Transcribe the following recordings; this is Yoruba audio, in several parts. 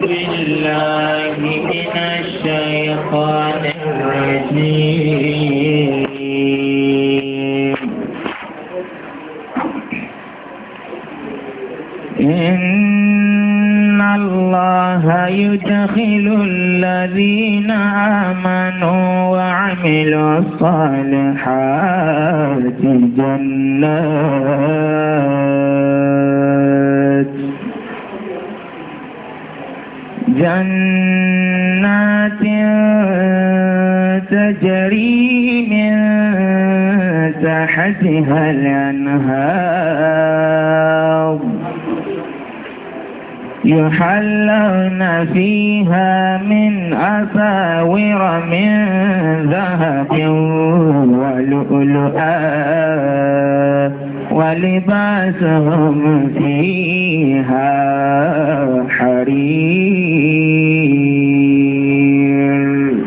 بالله من الشيطان الرجيم إن الله يدخل الذين آمنوا وعملوا الصالحات جنات جنات تجري من تحتها الأنهار يحلون فيها من أساور من ذهب ولؤلؤات ولباسهم فيها حرير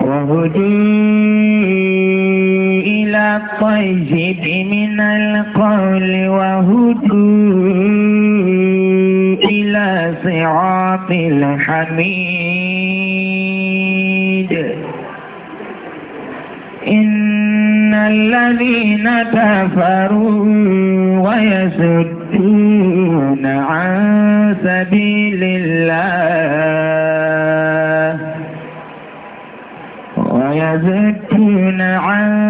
وهدوا إلى الطيب من القول وهدوا إلى صراط الحميد الذين كفروا ويسدون عن سبيل الله ويزكون عن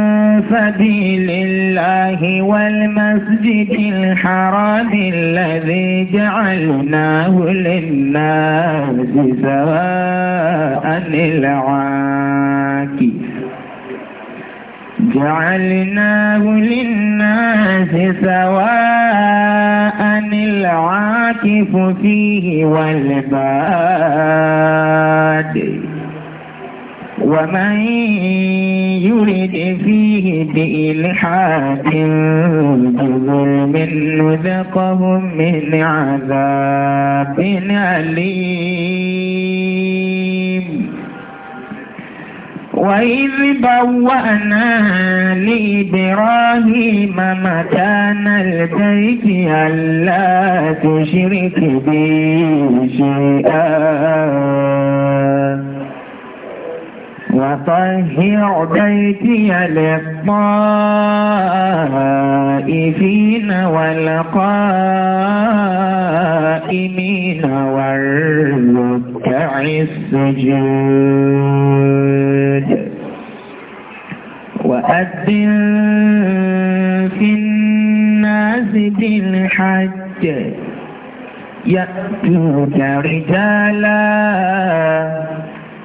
سبيل الله والمسجد الحرام الذي جعلناه للناس سواء العاكي جعلناه للناس سواء العاكف فيه والباد ومن يرد فيه بإلحاد بظلم نذقه من عذاب أليم وإذ بوأنا لإبراهيم مكان البيت ألا تشرك بي شيئا وطهر بيتي للطائفين والقائمين والركع ركع السجود وأذن في الناس بالحج يأتوك رجالا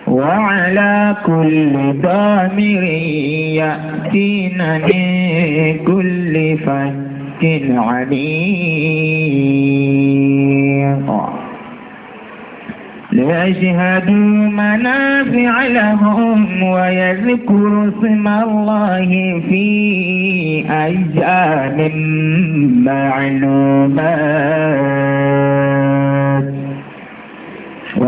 وعلى كل ضامر يأتين من كل فج عميق لأجهد منافع لهم ويذكروا اسم الله في أيام معلومات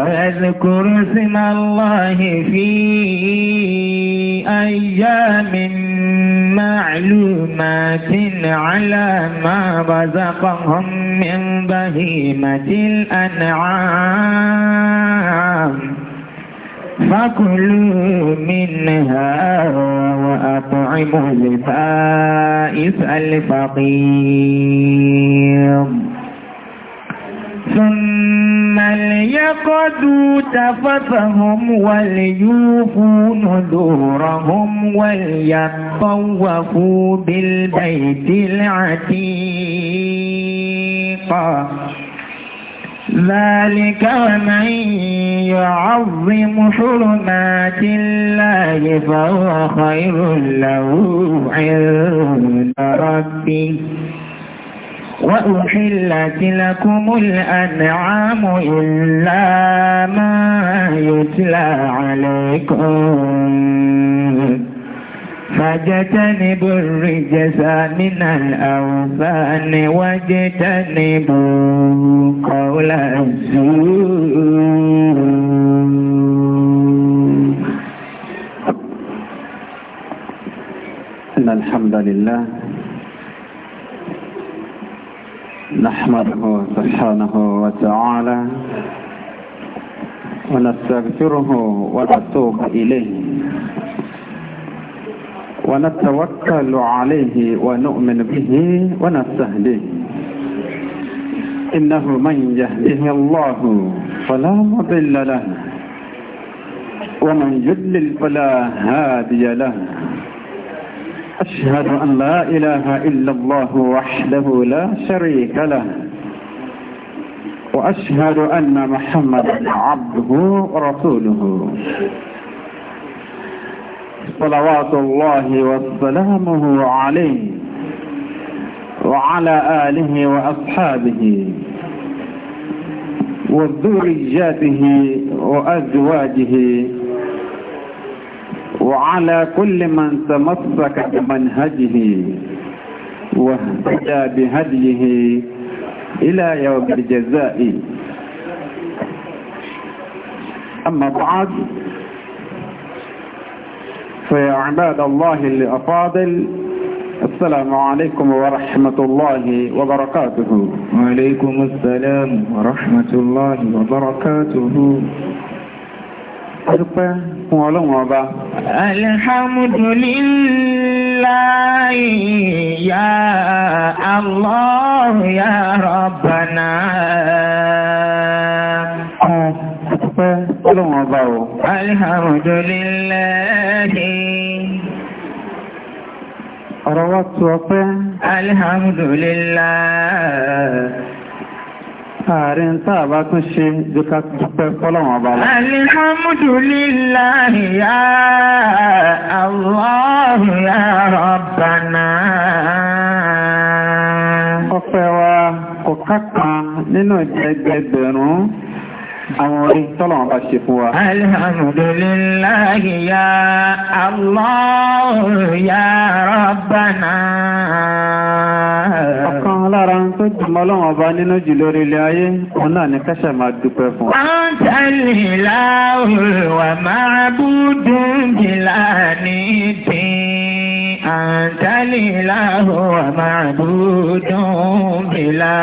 ويذكر اسم الله في أيام معلومات على ما رزقهم من بهيمة الأنعام فكلوا منها وأطعموا البائس الفقير ثم ليقضوا تفتهم وليوفوا نذورهم وليطوفوا بالبيت العتيق ذلك ومن يعظم حرمات الله فهو خير له عند ربه وأحلت لكم الأنعام إلا ما يتلى عليكم فاجتنبوا الرجس من الأوثان واجتنبوا قول الزور إن الحمد لله نحمده سبحانه وتعالى ونستغفره ونتوب إليه ونتوكل عليه ونؤمن به ونستهديه إنه من يهده الله فلا مضل له ومن يضلل فلا هادي له أشهد أن لا إله إلا الله وحده لا شريك له وأشهد أن محمدا عبده ورسوله صلوات الله وسلامه عليه وعلى آله وأصحابه وذرياته وأزواجه وعلى كل من تمسك بمنهجه واهتدى بهديه إلى يوم الجزاء أما بعد فيا عباد الله الأفاضل السلام عليكم ورحمة الله وبركاته وعليكم السلام ورحمة الله وبركاته Adúpẹ́ fún ọlọ́run ọba. Alhamdulillahi ya Allah ya Rabbana. Adúpẹ́ ọlọ́run ọba o. Alhamdulillahi. Ọ̀rọ̀ wa tó ọpẹ́. Alhamdulillah. Ààrẹ ń tàà bá tún ṣe jù ká dúpẹ́ fọ́lọ̀wọ̀n bá lọ. Alhamdulillahi ya Allah ya Rabbana. Ọpẹ́ wa kò kákan nínú ìjẹgbẹgbẹ̀rún àwọn orí tọ́lọ̀wọ̀n bá ṣe fún wa. Alhamdulillahi ya Allah ya tó jùmọ́ lọ́wọ́ ọba nínú jù lórí ilé ayé òun náà ní kẹ́sẹ̀ máa dúpẹ́ fún. àǹtàlélá máa bú dùnkìlá ní tí àǹtàlélá máa bú dùnkìlá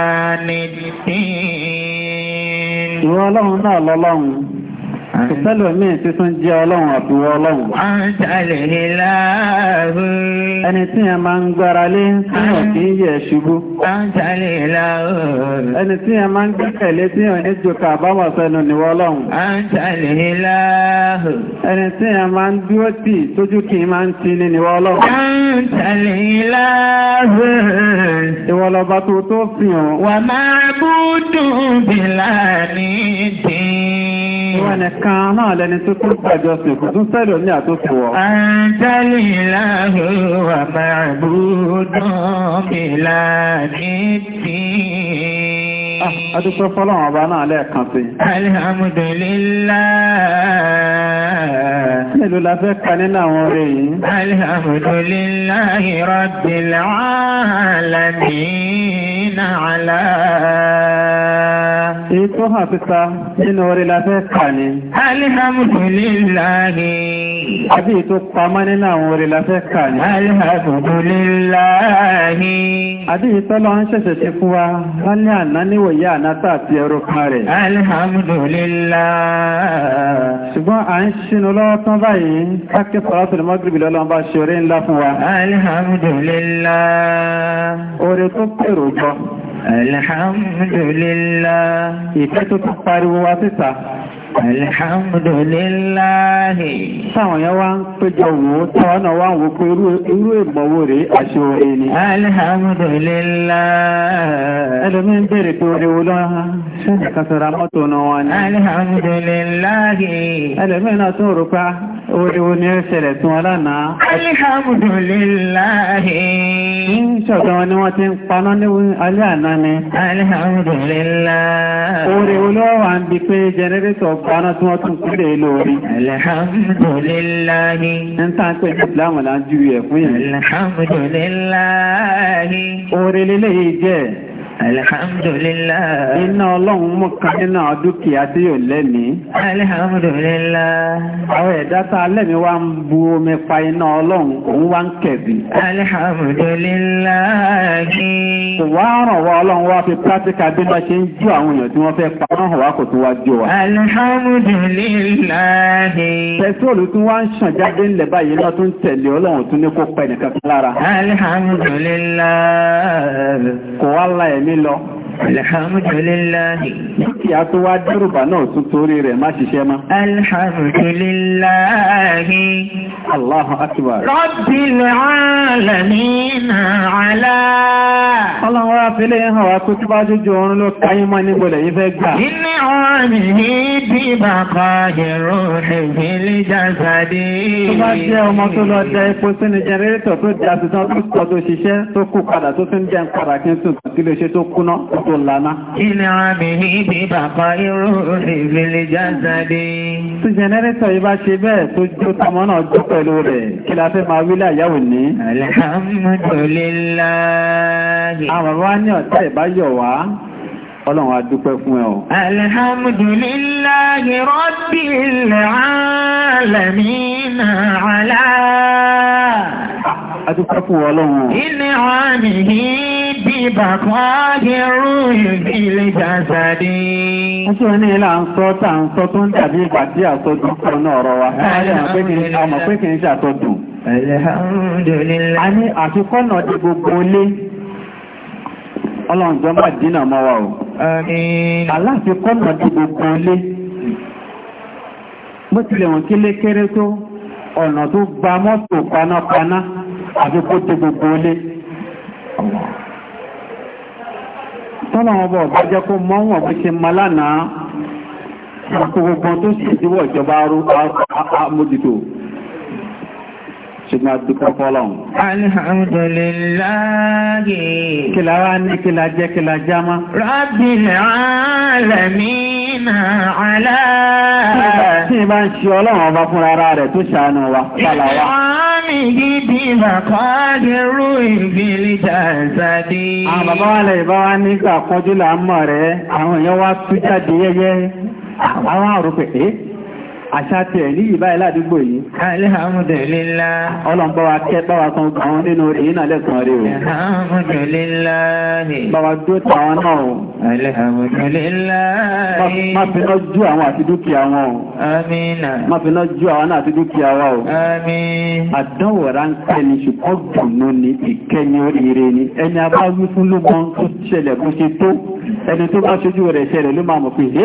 ní tí. ìwọ ọlọ́run náà lọ́lọ́run. Ìsẹ́lò míì tí tún jẹ́ ọlọ́run àfiwọ́ ọlọ́run. A ń tàlè láàrú. Ẹni tí yẹn máa ń gbára lé tí yàn kì í yẹ̀ ṣubú. A ń tàlè láàrú. Ẹni tí yẹn máa ń gbẹ́kẹ̀lé tí yàn ní jòkà àbámọ̀ sẹ́nu níwọ́ ọlọ́run. A ń tàlè láàrú. Ẹni tí yẹn máa ń dúró tì tójú kì í máa ń ti ní níwọ́ ọlọ́run. A ń tàlè láàrú. Ìwọ̀lọ́ba tó tó fi hàn. Wà máa bú dùn bí láàrin dín. Ìwọ̀n ẹ̀kan náà lẹni tó kún pàjọ sí kò tún sẹ́lẹ̀ ní àtúnfò wọ. Adúpẹ́ ah, fọ́lọ́wọ̀n ọba náà lẹ́ẹ̀kan sí. Alhamdulillah. Mélòó la fẹ́ ka nínú àwọn orí yìí? Alhamdulillah Rabbil alamin ala. Èyí tó hàn síta nínú orí la fẹ́ ka ni. Alhamdulillah. Àbí èyí tó nínú àwọn orí la fẹ́ ka ni. Alhamdulillah. Àbí èyí ń ṣẹ̀ṣẹ̀ ṣe fún wa lálẹ́ àná níwò àbúrò ìyá ànátà àti ẹrù kan rẹ̀. alhamdulillah. ṣùgbọ́n à ń ṣinú lọ́wọ́ tán báyìí káàkiri salatul magribi lọ́lọ́mbà ṣe orí ńlá fún wa. alhamdulillah. oore tó pèrò jọ. alhamdulillah. ìfẹ́ tó tún pariwo wa síta. Alhamdulillahi. Sáwọn yẹn wá ń péjọ wò ó tọ́ ọ́nà wá ń wò pé irú ìmọ̀wò rèé àṣẹ orin ni. Alhamdulillahi. Ẹlòmí ń bèèrè pé orin wo lọ́wọ́ ṣé nìkan sọ̀rọ̀ mọ́tò náà wọn ni. Alhamdulillahi. Ẹlòmí náà tún rò pa ah, orin wo ni ó ṣẹlẹ̀ sí wọn lánàá. Alhamdulillahi. Ní ni wọ́n ti ń paná ní alẹ́ àná ni. Alhamdulillahi. Orin lọ́wọ́ à ń bi pé jẹnẹrétọ̀ paná tí wọ́n tún kúlẹ̀ lórí. Alhamdulillahi. Ń tàn pé ìsìláàmù lájú ẹ̀ fún yẹn. Alhamdulillahi. Oore lélẹ́yìí jẹ́. Alhamdulillah. Iná ọlọ́run mú kan nínú dúkìá tí yóò lẹ́ni. Alhamdulillah. Àwọn ẹ̀dá tá lẹ́mi wá ń bu omi pa iná ọlọ́run, òun wá ń kẹ̀bì. Alhamdulillah. Kò wá ràn wá ọlọ́run wá fi pátíkà bí wọ́n ṣe ń jú àwọn èèyàn tí wọ́n fẹ́ pa náà wá kò tún wá jó wa. Alhamdulillah. Pẹ̀trólù tún wá ń ṣàn jáde ńlẹ̀ báyìí náà tún tẹ̀lé ọlọ́run tún ní kó pẹ́ nìkan lára. Alhamdulillah. Kò wá la mi lọ. Alhamdulillahi. Kí a tó wá dẹ́rùbà náà tún torí rẹ̀ má ṣiṣẹ́ má. Alhamdulillahi. Allahu Akbar. Rabbil alamina ala. Ọlọ́run wá fi lè hàn wá tó tí bá jójú oorun ló káyí mọ́ ní gbọ́lẹ̀ yí fẹ́ gbà. Inú ọ̀rìn ní bí bàbá ẹ̀rọ ẹ̀gbẹ̀lẹ̀ jásàdé. Tó bá jẹ́ ọmọ tó lọ da epo sínú jẹrẹ́tọ̀ tó jásìtàn tó sọ tó ṣiṣẹ́ tó kú padà tó tún ń padà kí n tún kí tó lana. Ilé àmì ibi bàbá irú ìrìnlẹ̀ jáde. Tí jẹnẹrétọ̀ yìí bá ṣe bẹ́ẹ̀ tó jó tamọ́ náà jó pẹ̀lú rẹ̀ kí la fẹ́ máa wílẹ̀ àyáwò ní. Alhamdulillahi. Ọlọ́run a fún ẹ o. Alhamdulillahi Rabbil Alamina Ala adúpẹ́ fún ọlọ́run. Ilé àmì yìí bíbà kan gẹrú ìbílẹ̀ jàǹsàdé. Wọ́n tí wọ́n ní ilá ń sọ tà ń sọ tó ń dàbí ìgbà tí àsọdún kan wa. Àmọ̀ pé kìí ṣe àsọdún. A ní àfikọ́ náà di gbogbo kéré tó ọ̀nà tó gba mọ́tò panápaná àbí kó tẹ gbogbo ilé tọ́nà ọba ọ̀gbá jẹ́ kó mọ́ wọn bí ṣe ma lánàá àkó gbogbo tó sì ìdíwọ̀ ìjọba amójútó ṣùgbọ́n àdúgbò fọ́lọ́hun alhamdulillahi kìlá wá ní kìlá jẹ́ kìlá jámá rabbil alamina ala tí ìbá ń wa gidi màkàdérú ìbílí jàǹsàdé. àwọn bàbá wa lè bá wa nígbà kọjú là ń mọ̀ rẹ̀ àwọn èèyàn wá tú jáde yẹ́yẹ́ àwọn àrùn pèpè àṣàtẹ̀ ní ìbá ìlàdúgbò yìí. Alhamdulillah. Ọlọ́mbọ́ wa kẹ́ bá wa kan àwọn nínú orí iná lẹ́sàn rí o. Alhamdulillah. Bàbá dó tàwọn náà o. Alhamdulillah. Má finá jú àwọn àti dúkìá wọn o. Amina. Má finá jú àwọn náà àti dúkìá wa o. Amin. Àdánwò ráńkẹ́ ni ṣùgbọ́n dùnú ni ìkẹ́ni oríire ni. Ẹni abá wí fún ló mọ tó ṣẹlẹ̀ bó ṣe tó. Ẹni tó bá ṣojú rẹ̀ ṣẹlẹ̀ ló máa mọ̀ pé, "Hé,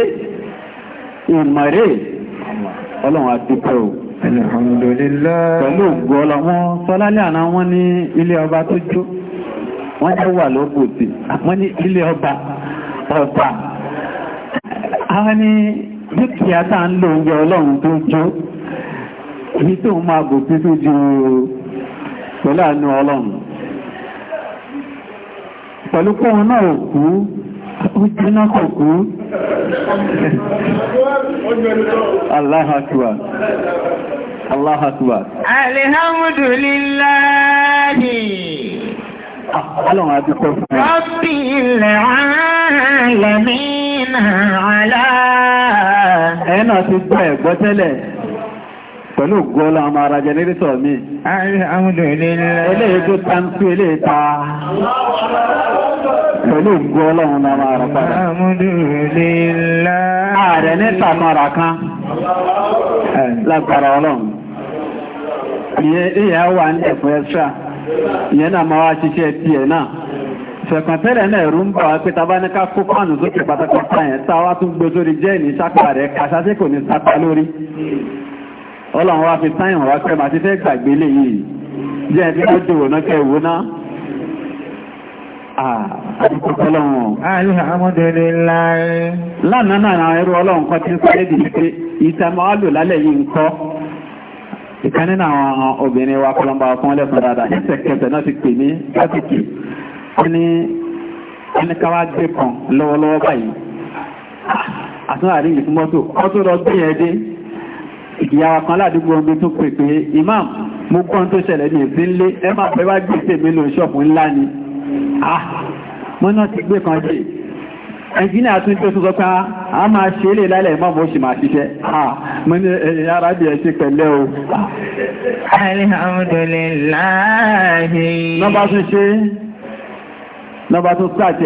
ọlọ́run adúpẹ́ o. Alhamdulillah. pẹ̀lú ògbó ọlọ wọn sọlálẹ́ àná wọn ní ilé ọba tó jó wọ́n ní wà lọ́gbòtì wọ́n ní ilé ọba ọba àwọn ní dúkìá tá ń lò oúnjẹ ọlọ́run tó jó èyí tó máa bò tí ju pẹ̀lú àánú ọlọ́run pẹ̀lú kóhun náà kú ó jiná kò kú Allahu Akbar Allahu Akbar Alhamdulillahi Ọlọ́run àti kọ́ fún ẹ̀. Rabbil alamin ala. Ẹ̀yẹ́ náà ti gbọ́ ẹ̀gbọ́ tẹ́lẹ̀ pẹ̀lú gọ́ọ̀lọ́ àmà ara jẹnẹ́rítọ̀ mi. Alhamdulillah. pẹ̀lú ògbó ọlọ́run la máa rọ̀ padà. Ààrẹ ní tàkànrà kan lágbára ọlọ́run. Ìyẹn wà ní náà rú ń bà wá pé tàbá ní ká kó pàánù sókè pátápátá yẹn tún jẹ́ ìní rẹ̀ kò ní lórí. Ọlọ́run wá fi wá pẹ́ màá ti fẹ́ yìí. Jẹ́ Ah, Alhamdulillah. Lánàá náà àwọn ẹrú ọlọ́run kan ti ń sáré dì pé ìtàmọ́ àlò lálẹ́ yìí ń kọ́. Ìkan nínú àwọn obìnrin wa kọlọmbà fún ọlẹ́fún dáadáa, ẹsẹ̀kẹsẹ̀ náà ti pè ní Átìkì. Ó ní ẹni ká wá gbé kan lọ́wọ́lọ́wọ́ báyìí. Àtúnwà rí ìfún mọ́tò, ọ tó lọ gbé ẹdé. Ìyàwó kan ládùúgbò omi tún pè pé, Imam, mo gbọ́n tó ṣẹlẹ̀ ní ìpínlẹ̀, ẹ máa fẹ́ wá gbèsè mi lò ṣọ́ọ̀bù ńlá ni ah mọ́nà ti gbé kan jẹ́ ẹ̀jìnà tún tó tún sọpá a máa ṣe lè lálẹ̀ mọ́ bó ṣe máa ṣiṣẹ́ ah, mọ́ ní ẹ̀yìn eh, arábìyàn ṣe pẹ̀lẹ́ o ah. alihamudulilahi lọ́bá tún ṣe lọ́bá tún sáàtì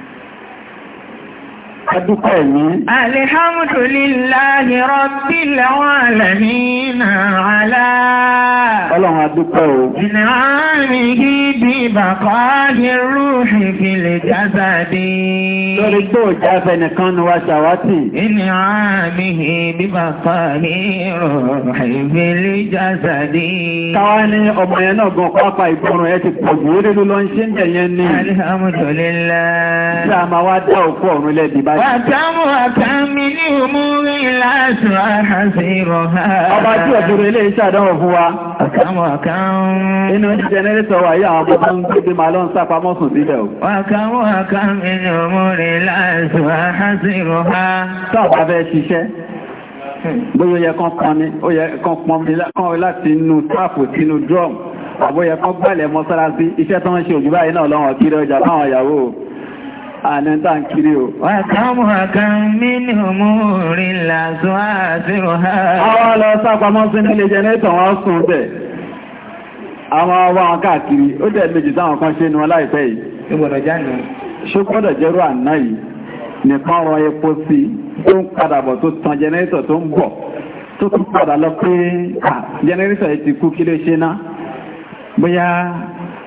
Adúpẹ́ ẹ̀mí. Alhamdulillahi Rabbil Alamin ala. Ọlọ́run adúpẹ́ o. Ìnáàmì gidi bàkọ́ àjẹrú ìfìlẹ̀ jásàdé. Lórí tó jáfẹ́ nìkan ni wá ṣàwátì. Ìnáàmì gidi bàkọ́ àjẹrú ìfìlẹ̀ jásàdé. Káwá ní ọmọ yẹn náà pápá ìgbọràn balẹ̀. Wàtàmù àkàmì ní òmúrí láàṣùrà àṣírọ̀ ha. Ọba tí ọ̀fẹ́rẹ́ ilé iṣẹ́ àdánwò fún wa. Wàtàmù àkàmì. Inú jẹnẹrétọ̀ wà yí àwọn bọ́bá ń gbé máa lọ́n sápamọ́ sùn sílẹ̀ o. Wàtàmù àkàmì ní òmúrí láàṣùrà àṣírọ̀ ha. Tọ́ọ̀bá fẹ́ ṣiṣẹ́ bóyá ó yẹ kán pọn ni ó yẹ kán pọn mi kán láti inú táàpù sínú drum àbóyẹ kán gbàlẹ̀ mọ́sálásí iṣẹ́ tó ń ṣe òjú báyìí náà lọ́wọ́ kiri ọjà fáwọn ìyàwó àní tá ń kiri o. Wà kámù àkàn mínú mú rí lásán àṣírò ha. Àwọn lọ sápamọ́ sí nílé jẹnẹ́tọ̀ wọ́n sùn bẹ̀. Àwọn ọwọ́ àwọn káàkiri, ó dẹ̀ méjì táwọn kan ṣe ní wọn láìpẹ́ yìí. Ìgbọ̀dọ̀ jáde. Ṣé gbọ́dọ̀ jẹ́rú àná yìí? Nìkan rọ epo sí tó ń padà bọ̀ tó tan jẹnẹ́tọ̀ tó ń bọ̀ tó tún padà lọ pé jẹnẹ́tọ̀ yìí ti kú kí ló ṣe ná. Bóyá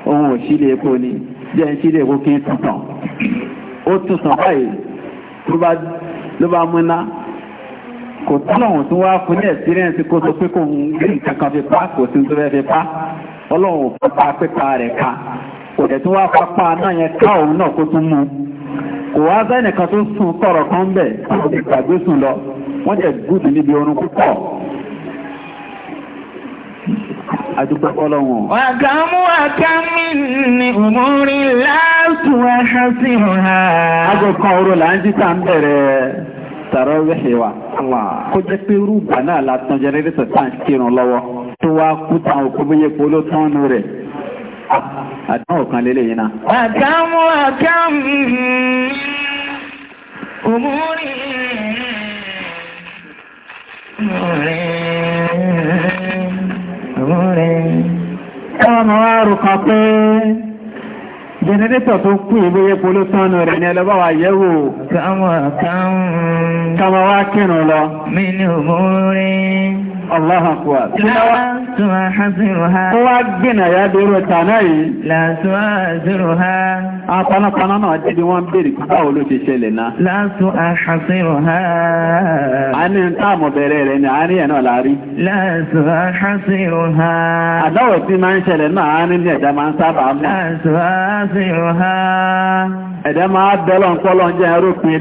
ohun òṣìlẹ̀ epo ni, jẹ́ ìṣìlẹ̀ epo kí ń tuntàn. ó tún sàn báyìí ló bá múná kò tọ́lọ̀hùn tún wá fún ní ẹ̀sírẹ́ǹsì kó tó pé kò ń rí kankan fi pa kò sí tó fẹ́ fi pa ọlọ́run pápá pípa rẹ̀ ka kò dẹ̀ tún wá pápá náà yẹn ká òun náà kó tún mú kò wá sẹ́nìkan tó sùn kan bẹ̀ kó ti gbàgbé sùn lọ wọ́n jẹ́ gúdù níbi orun púpọ̀ Adúgbẹ́ ọlọ́run. Wàkàmú wàkàmí ni òmúrí látù ẹ̀ṣà sí ọ̀há. Agbọ̀ kan là ń jíta ń bẹ̀rẹ̀ tààrọ̀ wẹ̀ṣẹ̀ Kó jẹ́ pé rúgbà náà la tan jẹrẹ́rẹ́sọ̀ tá à ń kírun lọ́wọ́. Tó wá kú tán òkú bóyá polo tán nù rẹ̀. Àdánwò kan lélẹ̀ yìí náà. Wàkàmú wàkàmí òmúrí rẹ̀ ẹwọ́n wá rùkọ pé jẹnẹrétọ̀ tó kú ìbóyé polo tánù rẹ̀ ní ẹlọ́bá wà yẹ́wò káwọn wá kírùn lọ mí ní òmúrin Allahu akbar. Látún àhásírò ha. Ó wá gbìnà ya dúró tànà yìí. Látún àhásírò ha. Apanápaná náà jí bí wọ́n bèèrè pípa olú ti ṣẹlẹ̀ náà. Látún àhásírò ha. A ní táàmù bẹ̀rẹ̀ rẹ̀ ni àárín ẹ̀ náà láàrí. Látún àhásírò ha. Àdáwọ̀ tí máa ń ṣẹlẹ̀ náà àárín ní ẹ̀dá máa ń sábà mọ́. Látún àhásírò ha. Ẹ̀dá máa bẹ́lọ̀ ń jẹ́ ẹrúpin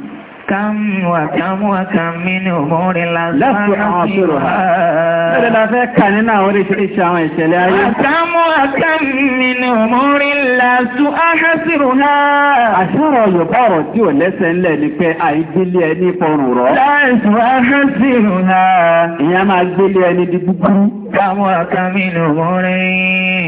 وكم وكم وكم من أمور لست عاصرها وكم وكم من أمور لست أحصرها àṣàrọ̀ yorùbá ọ̀rọ̀ tí ò lẹ́sẹ̀ ńlẹ̀ ni pé àìgbélé ẹni fọrùn rọ́. láìsù ahásìrùnà. ìyẹn máa gbélé ẹni di gbúgbúrú. káwọn àkàmì lòmọ́rin.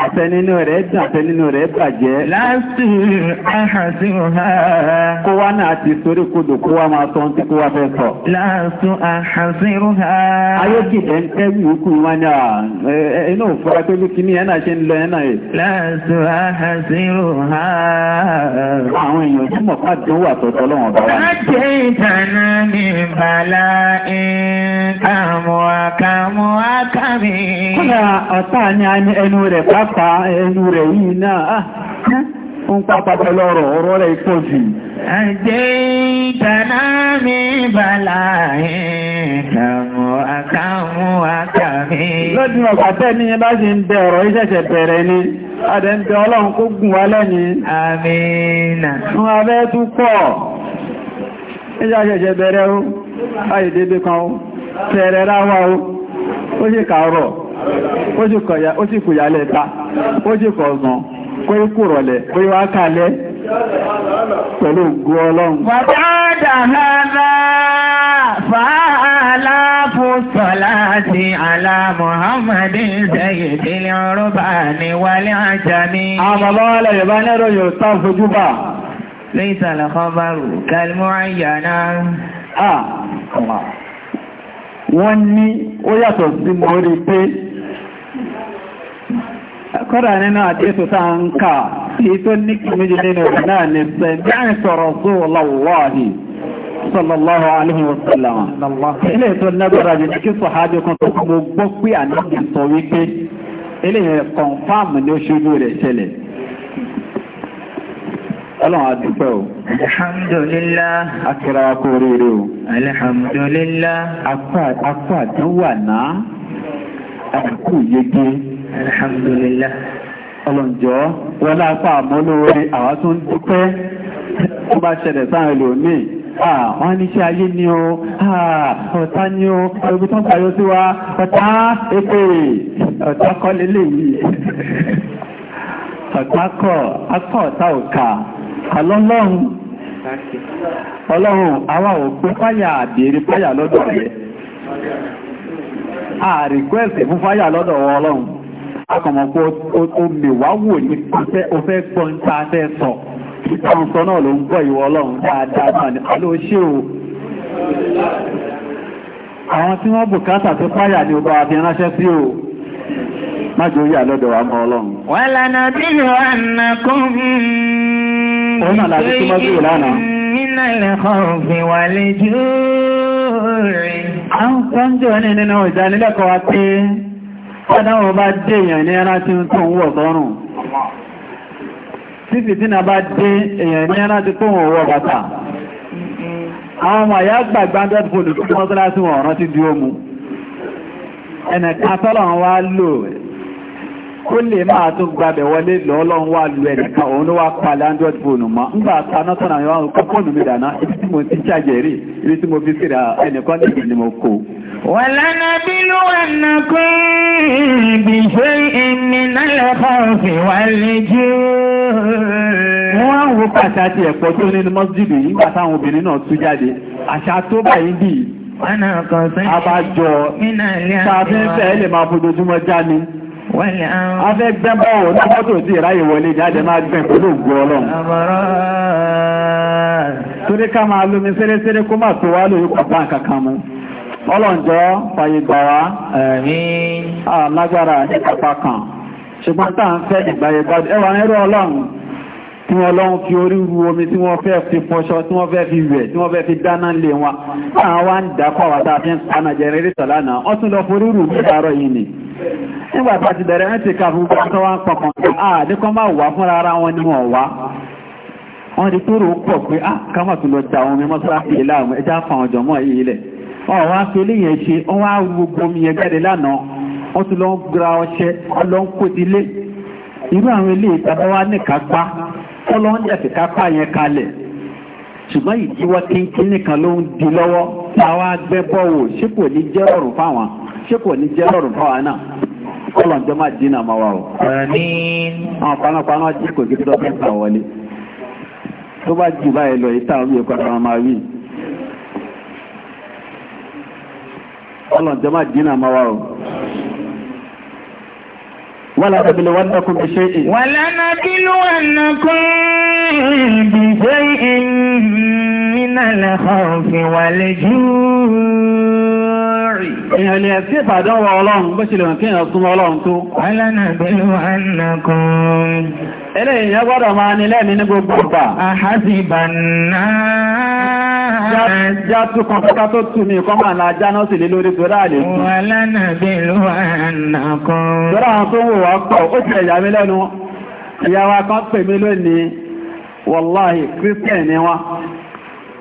àtẹnínú rẹ̀ dùn àtẹnínú rẹ̀ bàjẹ́. láti àhàsíhà. kó wá náà ti sórí kodò kó wá máa tán tí kó wá fẹ́ sọ. láti àhàsíhà. ayé kìlẹ̀ ń kẹ́ wí ikú wọn ni inú òfurufú pé bí kíní ẹ̀ náà ṣe ń lọ ẹ̀ náà yìí. láti àhàsíhà. àwọn èèyàn tí mọ̀ fà dánwò àtọ̀tọ̀ lọ́wọ́ bá wà. láti ìtànà ní bàlá ìkàmù àkàmù ọ̀tá ni a ní ẹnu rẹ̀ pa pàápàá ẹnu rẹ̀ yìí náà ah, ń pàpàpà lọ́rọ̀ ọ̀rọ̀ rẹ̀ pọ̀ sí. Àjẹ́ ìtànà mi bàlá ìtàmù àkàmù àkàmì. Lọ́dún ọ̀pàtẹ́ ní bá ṣe ń bẹ ọ̀rọ̀ ìṣẹ̀ṣẹ̀ bẹ̀rẹ̀ ni, adẹ ń bẹ ọlọ́run kó gùn wá lẹ́ni. Àmìnà. Fún abẹ́ tún pọ̀, ó sì kò yálẹ̀ ta ó sì kọ̀ ọ̀gàn kó ikú rọ̀lẹ̀ kó iwá kalẹ̀ pẹ̀lú ògo ọlọ́run. Fàdádà hàdá fàálà fòsọ̀lá ti àlà ní wálé àjàmí. Àwọn bàbá wa lẹ̀yẹ̀ bá nẹ́rọ yóò tá fojú bà. Lẹ́yìn sàlẹ̀ kọ́ bá wọ́n ní ó yàtọ̀ sí mọ́rí pé kọ́dà nínú àdíṣù tá ń ká èyí tó ní kí méjì nínú náà ní sẹ́gbẹ́rin sọ̀rọ̀ sóòlọ́wọ́hì sallallahu alaihi wasallam ilé tó lágbára jù ní kí sọ̀hájú kan tó gbogbo pé àníkì sọ wípé ilé yẹn kọ̀nfàmù ní Ọlọ́run a dúpẹ́ o. Alhamdulillah. A kìra wa kó oríire o. Alhamdulillah. Akọ́ àdánwò àná, àkókò yege. Alhamdulillah. Ọlọ́njọ́, wọ́n lápá àmọ́lóore àwọn tó ń dúpẹ́ tó bá ṣẹlẹ̀ sáàrin lòmíì wọ́n ní iṣẹ́ ayé ni o ọ̀tá ni o ẹgbẹ́ tó ń pàyọ sí wa ọ̀tá ẹgbẹ̀rẹ̀ ọ̀tá kọ́ lélẹ̀ yìí ọ̀tá kọ́ àlọ́lọ́run ọlọ́run àwọn òpó fáyà àbèrè fáyà lọ́dọ̀ rẹ̀ ààrẹ̀kọ́ẹ̀sẹ̀ fún fáyà lọ́dọ̀ ọlọ́run akọ̀mọ̀pọ̀ o ní ọfẹ́ fẹ́ sọ ìtànsọ náà ló náà àwọn wa mọ́ ọlọ́run wọ́n lánàá bí òun náà láti tí mọ́gbé lánàá. Nínà ìlẹ̀kọ́ òfin wà lè jú rẹ̀. A ń kọ́ ń jọ ní nínú ìdánilẹ́kọ̀ọ́ wa pé ọdáwọ̀ bá dé èèyàn ní ara tí ń tó wọ̀ sọ́rùn. Tí fìtínà bá dé èèyàn ní ara tí tó wọ̀ bàtà. Àwọn ọmọ àyá gbàgbà dọ́dfòlù tó mọ́sálásí wọn ọ̀rán ti di ó mu. Ẹnìkan tọ́lọ̀ wá lò kó lè máa tó gbàbẹ̀ wọlé lọ́ọ́lọ́run wà lù ẹnìkan òun ló wá pa landlord phone mọ́ ńgbà kaná tọ́nà yọ àwọn kó mi dáná ibi tí mo ti ṣàjẹ́ rí ibi tí mo fi síra ẹnìkan nìkan ni mo kó. wàlánà bí ló wà nà kó ibi ṣe èmi nálẹ̀ fọ́ọ̀fì wà lè jù. wọ́n ń pàtàkì ẹ̀pọ̀ tó nínú afẹ́ gbẹ́bọ̀wò ní fọ́tò tí ìráyè wọlé jáde máa gbẹ̀n pẹ̀lú ògbò ọlọ́run torí ká máa lómi sẹ́rẹ́sẹ́rẹ́ kó máa tó wá lórí pàpá kankan mú ọlọ́njọ́ fàyè gbà wá lágbára ní pàpá kan ṣùgbọ́n tá à ń fẹ́ ìgbàyè gbádùn ẹwà nírú ọlọ́run tí omi a nígbà tá ti bẹ̀rẹ̀ mẹ́tì ká fún tó ah, wá ń pọkàn àdékọ́ máa wà fúnra ara wọn ni wọ́n wá wọ́n di tó rò pọ̀ pé á ah, kámà tó lọ da àwọn ọmọ mọ́sáàfì láàmú ẹjá fa àwọn jọmọ́ yìí lẹ̀ wọ́n wá fi eléyìn ṣe wọ́n wá gbogbo omi yẹn jáde lánàá wọ́n tún lọ ń gba ọṣẹ ọlọ ń kó dilé irú àwọn ilé ìtàbá wa ní kápá ọlọ ń jẹ́ kápá yẹn kalẹ̀ ṣùgbọ́n ìdíwọ́ kínkín nìkan ló ń ṣé ni ní jẹ́ lọ́rùn fáwa náà kọ́lọ̀njọ́ máa dínà máa wà o. àmín. àwọn panápaná jí kò kí tó fẹ́ wọlé tó bá jù báyìí lọ ìta omi ẹ̀kọ́ tó máa wí. kọ́lọ̀njọ́ máa dínà máa wà o. wala nabluwannakum bi shay'in. wala nabluwannakum bi shay'in mínàlá òfin wà lè jú rí. Èèyàn lè sí ìfàdánwò ọlọ́run bó ṣe lè wọ̀n kí èèyàn súnmọ́ ọlọ́run tó. Alánà bẹ́lú ànàkùn. Eléyìí gbọ́dọ̀ máa ní lẹ́mí gbogbo ìgbà. Àhásìbà náà já kan kọ́ká tó tún mi kọ́ máa lájá náà sì lé lórí torí àlè fún. wà lánàá bí ló wà nàkan. torí àwọn tó wò wá mi lẹ́nu ìyá wa kan pè mí lónìí wàláhì kírísítẹ̀ ni wá.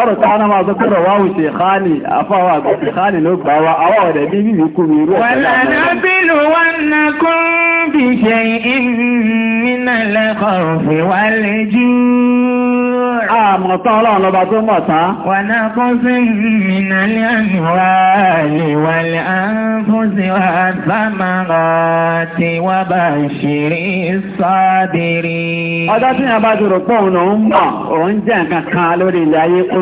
ọ̀rọ̀ tí a náà máa sọ́kọ̀rọ̀ wá ń ṣe kháàní afáwà àgbàṣe kháàní ló gbà wá àwọ̀ ọ̀rẹ́ bí bíbí kú mi rú ọ̀rẹ́ wàlànà bílù wọn na kún bí ṣe tí a bá ti rò pọ̀ òun lòun mọ̀ òun jẹ́ nǹkan kan lórí ilẹ̀ ayé kó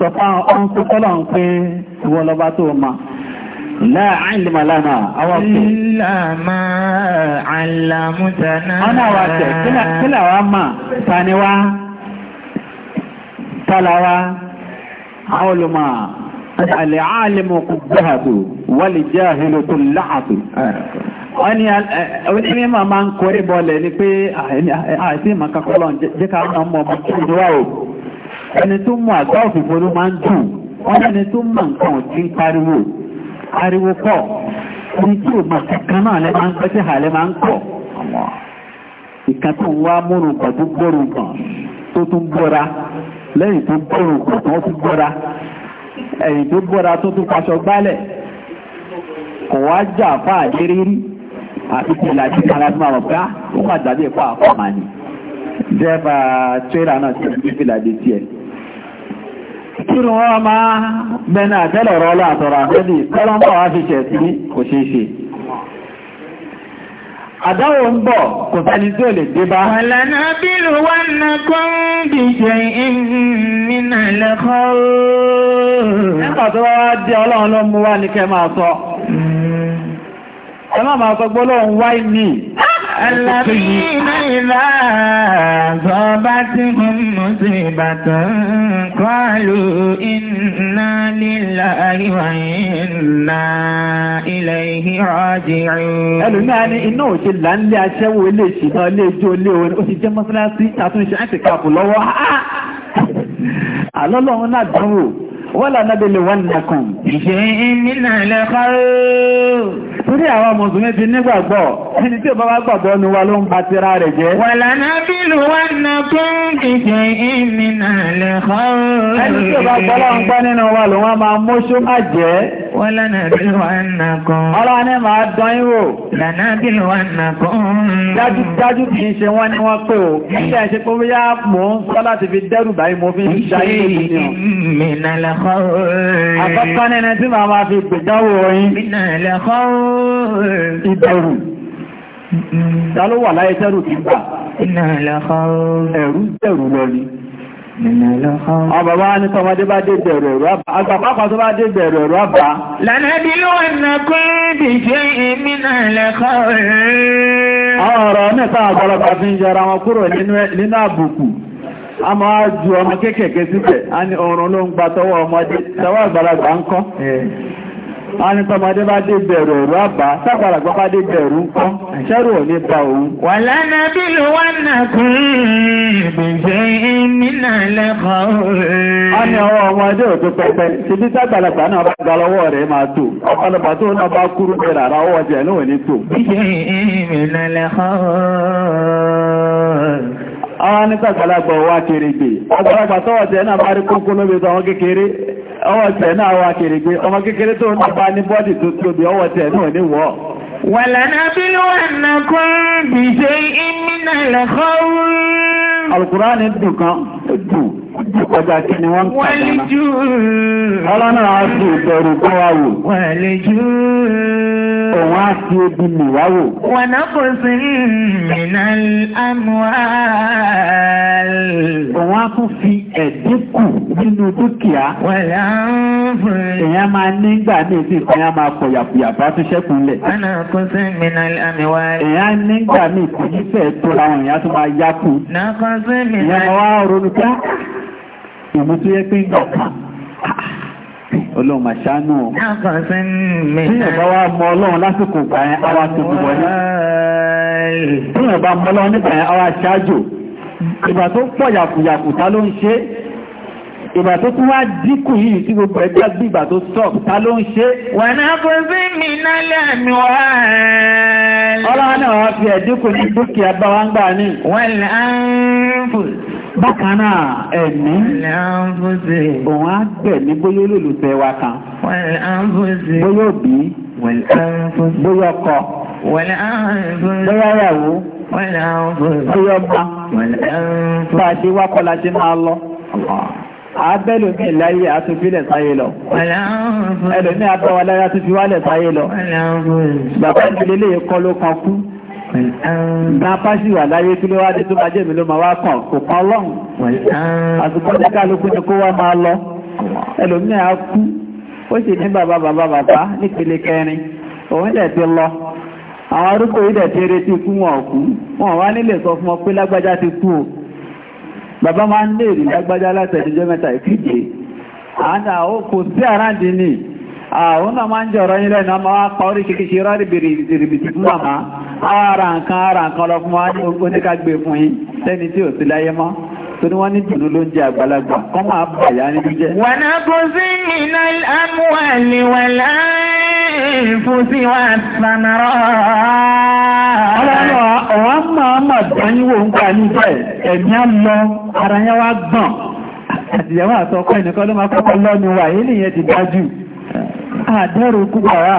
sọ fún àwọn kọ́lọ̀ ń pé ìwọ lọ́ba tó ma láàrín lèmọ̀lánà àwọn ọ̀pọ̀. ìlàmà àlàmútànà. ọ̀nà àwọn àṣẹ kílà wa mà tani wa tala wa àwọn olùmọ̀ àlẹ́ àlẹ́mọ̀ kò gbáhàtò wálé jẹ́ àhìlò tó ń kọrí bọ́ọ̀lẹ̀ ni pé àìsí ìmọ̀kakọ́lọ́ jẹ́ ká ọmọ ọmọ tó wà ẹni tó mú àgbá òfìfo ló máa ń dùn wọ́n lẹ́ni tó mọ nǹkan pariwo ariwo pọ̀ tí ò máa kankan náà tó ń wá múrun kan tó ma kan tó tún gbọ́ra lẹ́yìn tó gbọ́run kan tó tún gbọ́ra ẹ̀yìn tó gbọ́ra tó tún paṣọ gbálẹ̀ kò wá jà fáà lérí àti tẹ̀lé àti kàrà máa dàbí ẹ̀kọ́ jẹ́fà tírà náà ti fi fìlà dé tiẹ̀ kí ni wọ́n máa bẹni àtẹ́lẹ̀ ọ̀rọ̀ ọlọ́ àtọ̀rọ̀ àfẹ́dì kọ́lọ́mbọ̀ wá fi ṣẹ̀ sí kò ṣeé ṣe àdáwò ń bọ̀ kò sẹ́ni tí ó lè dé bá. ọ̀lànà bí ṣe wá الذين إذا أصابتهم مصيبة قالوا إنا لله وإنا إليه راجعون ẹlòmíà ní iná òjò là ń lé aṣẹ́wó ilé ìṣìná ilé ijó ilé orin ó ti jẹ́ mọ́sálásí àtúnṣe àti kààbù lọ́wọ́ àlọ́lọ́run náà dánwò wọ́n lànà bẹ́ẹ̀ lè wọ́n nìkan. ìṣe ìmìnà lẹ́kọ̀ọ́. Torí àwọn Mùsùlùmí ti nígbàgbọ́, ẹni tí ó bá wá gbàgbọ́ ní wa ló ń ba tira rẹ̀ jẹ́. Wàlá ìmìnà lè kọ́ Ẹni tí ó bá gbọ́ lọ́n pẹ́ nínú wa ló wọ́n máa móṣó má jẹ́. Wàlá náà bí Dájú dájú kì ṣe wọ́n ní wọ́n pé ìbẹ̀rù dáló wà láyé tẹ́rù kí gbà ẹ̀rù tẹ́rù lọ ni Àbàbá ní tọmọdé bá dé bẹ̀rù ẹ̀rù àbá. Àgbàpápá tó bá dé bẹ̀rù ẹ̀rù àbá. Lànàbí ló wà nà kó dì ṣe èmi náà lẹ́kọ̀ọ́ rẹ̀. Àwọn ọ̀rọ̀ mẹ́ta àgbàlagbà fi ń a máa ju ọmọ kéékèèké síbẹ̀ a ní ọ̀run ló ń gba tọwọ́ ọmọdé tọwọ́ àgbàlagbà ń kọ́ eh wọ́n ní tọmọdé bá dé bẹ̀rù ẹ̀rù àbá sápàlàgbà bá dé bẹ̀rù ńkọ́ ṣẹ́rù ò ní ba òun. wà lánàá bí ló wà náà kún ìgbìnṣẹ́ ìmínà lẹ́kọ̀ọ́ rẹ̀. wọ́n ní ọwọ́ ọmọdé ò tó pẹpẹ ṣíbí sápàlàgbà náà àwọn nígbàgbàlagbà wà kèrègbè àgbàlagbà tọ́wọ̀ tẹ́ náà bá rí kókó lóbi ọmọ kékeré ọwọ́ tẹ́ náà wà kèrègbè ọmọ kékeré tó ń bá ní bọ́dì tó tóbi ọwọ́ tẹ́ náà níwọ̀ọ́ وَلَنَبْلُوَنَّكُمْ بِشَيْءٍ مِّنَ الْخَوْفِ Alkùránì dùn kan, ó dùn, ọjà kí ni wọ́n kàtàkì. Wọ́n lè jù ú. Ọlọ́nà á sí ìbẹ̀rù kọ́ wa wò. Wọ́n lè jù ú. Òun á fi ebi lè wá wò. Wọ̀nà kò sí ìrìnà Òun á tún fi ẹ̀dínkù nínú dúkìá. Wọ̀nà máa ní ní ìsìn kan, èèyàn máa kọ̀ yàpùyàpù, á tún lẹ̀. Nàkúnsí mìíràn àmìwá. Ẹ̀yà nígbà míì kò ní fẹ́ tóra àwọn èèyàn tó máa yá kù. Nàkúnsí mìíràn. Ìyá wa ronú pé ah, ìmú tó yẹ pé ń gbà kà. Ọlọ́run máa ṣàánú. Nàkúnsí mìíràn. Bí ìyàbá wa mọ Ọlọ́run lásìkò ìgbà yẹn, àwa tó bí wọlé. Bí ìyàbá mọ Ọlọ́run nígbà yẹn, àwa ṣáájò. Ìgbà tó pọ̀ yàkùyàkù ta ló ń ṣe é ìgbà tó tún wá dínkù yìí tí gbogbo ẹgbẹ́ bí ìgbà tó stop ta ló ń ṣe wọ́n náà kò sí mi nálẹ̀ mi wá ọlọ́wọ́ náà wá fi ẹ̀dínkù ní dúkìá bá wá ń gbà ní wọ́n bákan náà ẹ̀mí òun á gbẹ̀mí bóyá olólùfẹ́ wa kan bóyá òbí bóyá ọkọ bóyá ìyàwó bóyá ọba bá a ṣe wákọ́ la ṣe máa lọ àbẹ́lò ní ìláyé àtúnfílẹ̀ sáyé lọ. ẹlò ní àbẹ́wà láyé àtúnfíwálẹ̀ sáyé lọ. bàbá ìdílé lè kọ́ ló kan kú. bàbá sì wà láyé kí ló wá dé tó bá jẹ́ mi ló máa wá kàn kò kan lọ́hùn. àsìkò ní kálukú ni kó wá máa lọ. ẹlò a kú ó sì ní bàbá bàbá bàbá nípele kẹrin òun dẹ̀ ti lọ. àwọn arúgbó yìí dẹ̀ ti retí ikú wọn kú wọn wá nílé sọ fún ọ pé lágbájá ti kú o bàbá máa ń léèrè lágbájá látẹ̀díjọ́ mẹ́ta ìkíje àádà ó kò sí àráǹdì ní àwọn náà máa ń jẹ́ ọ̀rọ̀ yín lẹ́nu ọmọ wá pa orí kìkìṣì rọ́rì bìrìbìtì fún màmá ara nǹkan ara nǹkan lọ fún wa ní oníkàgbé fún yín lẹ́ni tí ò sí láyé mọ́ torí wọ́n ní dùnú ló ń jẹ àgbàlagbà kọ́ máa bàyá nínú jẹ́. wọ́n á kó sí iná amúhàlì wà láàrín fún sí wa ọlọ́run ọ̀wá máa mà dánwò ń pa níbẹ̀ ẹ̀mí á lọ ara yẹn wá gbọ̀n àtìyàwó àtọkọ ẹnìkan ló máa kọ́kọ́ lọ́nu wà yìí nìyẹn ti dájú àdẹ́rù kúgbà wà.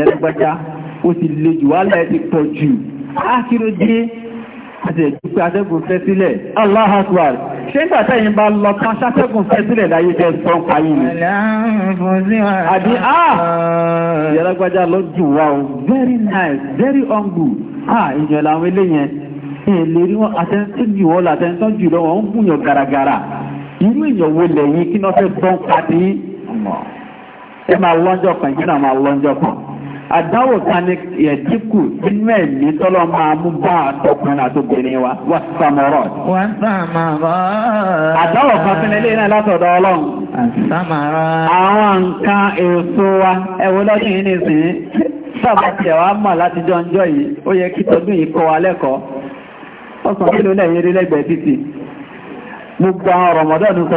ẹ̀rẹ́gbẹ́já ó ti lè jù wálẹ̀ ti pọ̀ jù ákíró ah, dé àti atẹ́gùn fẹ́ sílẹ̀ Allahu ṣe ń gbàtẹ́ yìí bá lọ kan ṣátẹ́gùn fẹ́ sílẹ̀ láyé jẹ́ sọ́n payé ni ah! very nice very humble ah, lọ́njọ́ kan ìgbẹ́ lọ́njọ́ kan àdáwò kan ní ẹ̀dínkù nínú ẹ̀mí tọ́lọ́ máa mú bá àtọkùnrin àtobìnrin wa wà sàmọ̀rọ̀. wà sàmọ̀rọ̀. àdáwò kan fún ilé náà látọ̀dọ̀ ọlọ́run. àsàmọ̀rọ̀. àwọn nǹkan èso wa ẹ̀wọ́ lọ́dún yìí nìsín sábà tiẹ̀ wá mọ̀ láti jọ́njọ́ yìí ó yẹ kí tọdún yìí kọ́ wa lẹ́kọ̀ọ́. ọ̀sán mélòó lẹ́yìn eré lẹ́gbẹ̀ẹ́ títì gbogbo àwọn rọ̀mọ́dọ́ọ̀dún sọ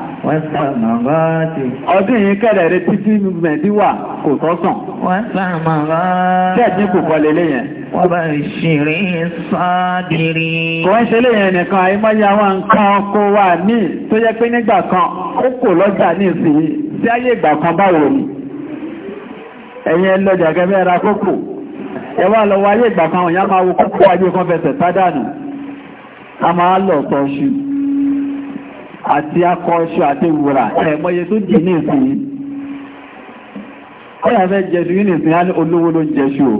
ọdún yìí kẹ́rẹ̀ rẹ títí mẹ́bí wà kò sọ́sàn tẹ́ẹ̀dín kò kọ́ lélé yẹn wọ́n bá ṣìrí sáàdìrí kò ń ṣe lè yẹn nìkan àìmọ́yà wọn nǹkan kó wà ní tó yẹ pé nígbà kan ó kò lọ́jà ní ìsìnyí sí ayé ìgbà kan báwo ni ẹ̀yẹn lọ́jà gẹ́gẹ́ ra kókò ẹwà lọ́wọ́ ayé ìgbà kan òyìn á máa wo kókò ayé kan fẹsẹ̀ tádànù a máa lọ̀ sọ́ṣù àti akọ ṣọ àti ìwòrà ẹ̀mọ́ye tó jì ní ìsìn yìí. ó yà fẹ́ jẹ́ṣù yìí nìsìn á ní olówó ló jẹ́ṣù o.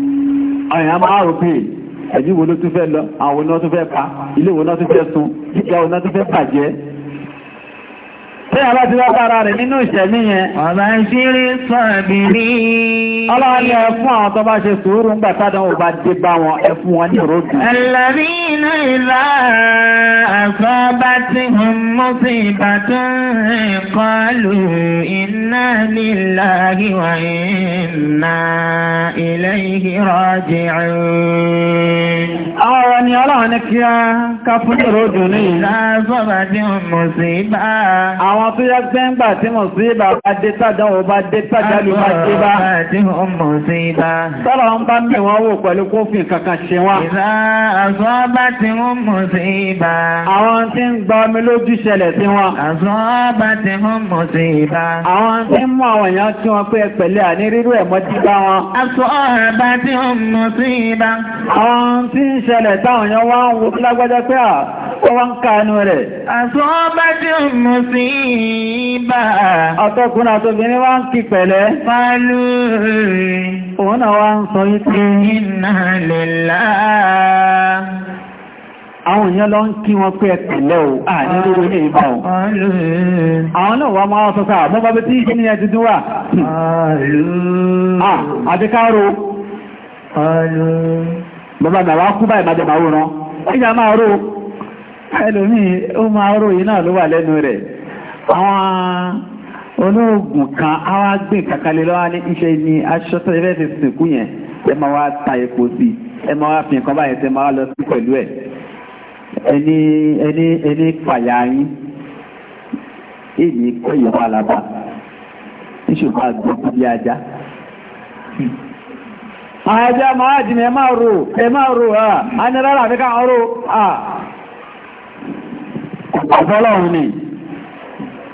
àyàn máa rò pé ẹ̀jú wo ló tún fẹ́ lọ àwọn oná tún fẹ́ pa ilé wo náà tún fẹ́ sun dúkìá wo tún fẹ́ bàjẹ́ Ṣé àbá ti wọ́n bára rẹ̀ nínú ìṣẹ̀mí yẹn? Ọ̀bá ń ṣe rí sọ̀bìrí. Ọlọ́ọ̀lẹ́ ẹ̀fún àwọn tó bá ṣe sùúrù ń gbà tádàn ò bá dé bá wọn ẹ̀fún wọn ní òrókù. Ẹlẹ́rí ní ìlà àfọ́ bá hùn mú àwọn tó yá gbẹ́ngbà tí mọ̀ sí ibà bá dé tàdánwò bá dé tàjálù bá dé bá sọ́rọ̀ ń bá mẹ́ wọn wò pẹ̀lú kófin kankan ṣe wọn àṣọ́ bá ti ń mọ̀ sí ibà àwọn tí ń gba omi lójú ṣẹlẹ̀ sí wọn àṣọ́ bá ti ń mọ̀ sí ibà àwọn tí ń mú àwọn èèyàn tí wọn pé pẹ̀lẹ́ àní rírú ẹ̀mọ́ ti bá wọn àṣọ́ bá ti ń mọ̀ sí ibà àwọn tí ń ṣẹlẹ̀ táwọn èèyàn wá ń wo lágbájá pé à wọ́n ká Ọ̀tọ́kùnrin àtọ́bìnrin wá ń kí pẹ̀lẹ̀ Fálú òun náà wá ń sọ ìpé iná Àwọn èèyàn lọ ń kí wọn pé ẹ̀pẹ̀lẹ́ o, à ní lórí ìbá o. Àwọn náà wá máa sọ́sá, mọ́ bá bí tí ìṣẹ́ ní ẹjú wà. Àdíkárò. Bàbá bàbá kú Ìjà máa àwọn olóògùn kan àwọn agbìn kàkàlẹ̀ lọ́wọ́ ní iṣẹ́ ni aṣọ tó ti sìnkú yẹn ẹ máa wá ta epo sí ẹ máa wá fi nǹkan báyìí tẹ máa lọ sí pẹ̀lú ẹ̀ ẹni pàyà yín èyí kọ́ ìyẹn wà lábà àgbẹ̀kú bí ajá ajá máa ẹ máa rò ẹ máa rò á ní rárá àfikà ni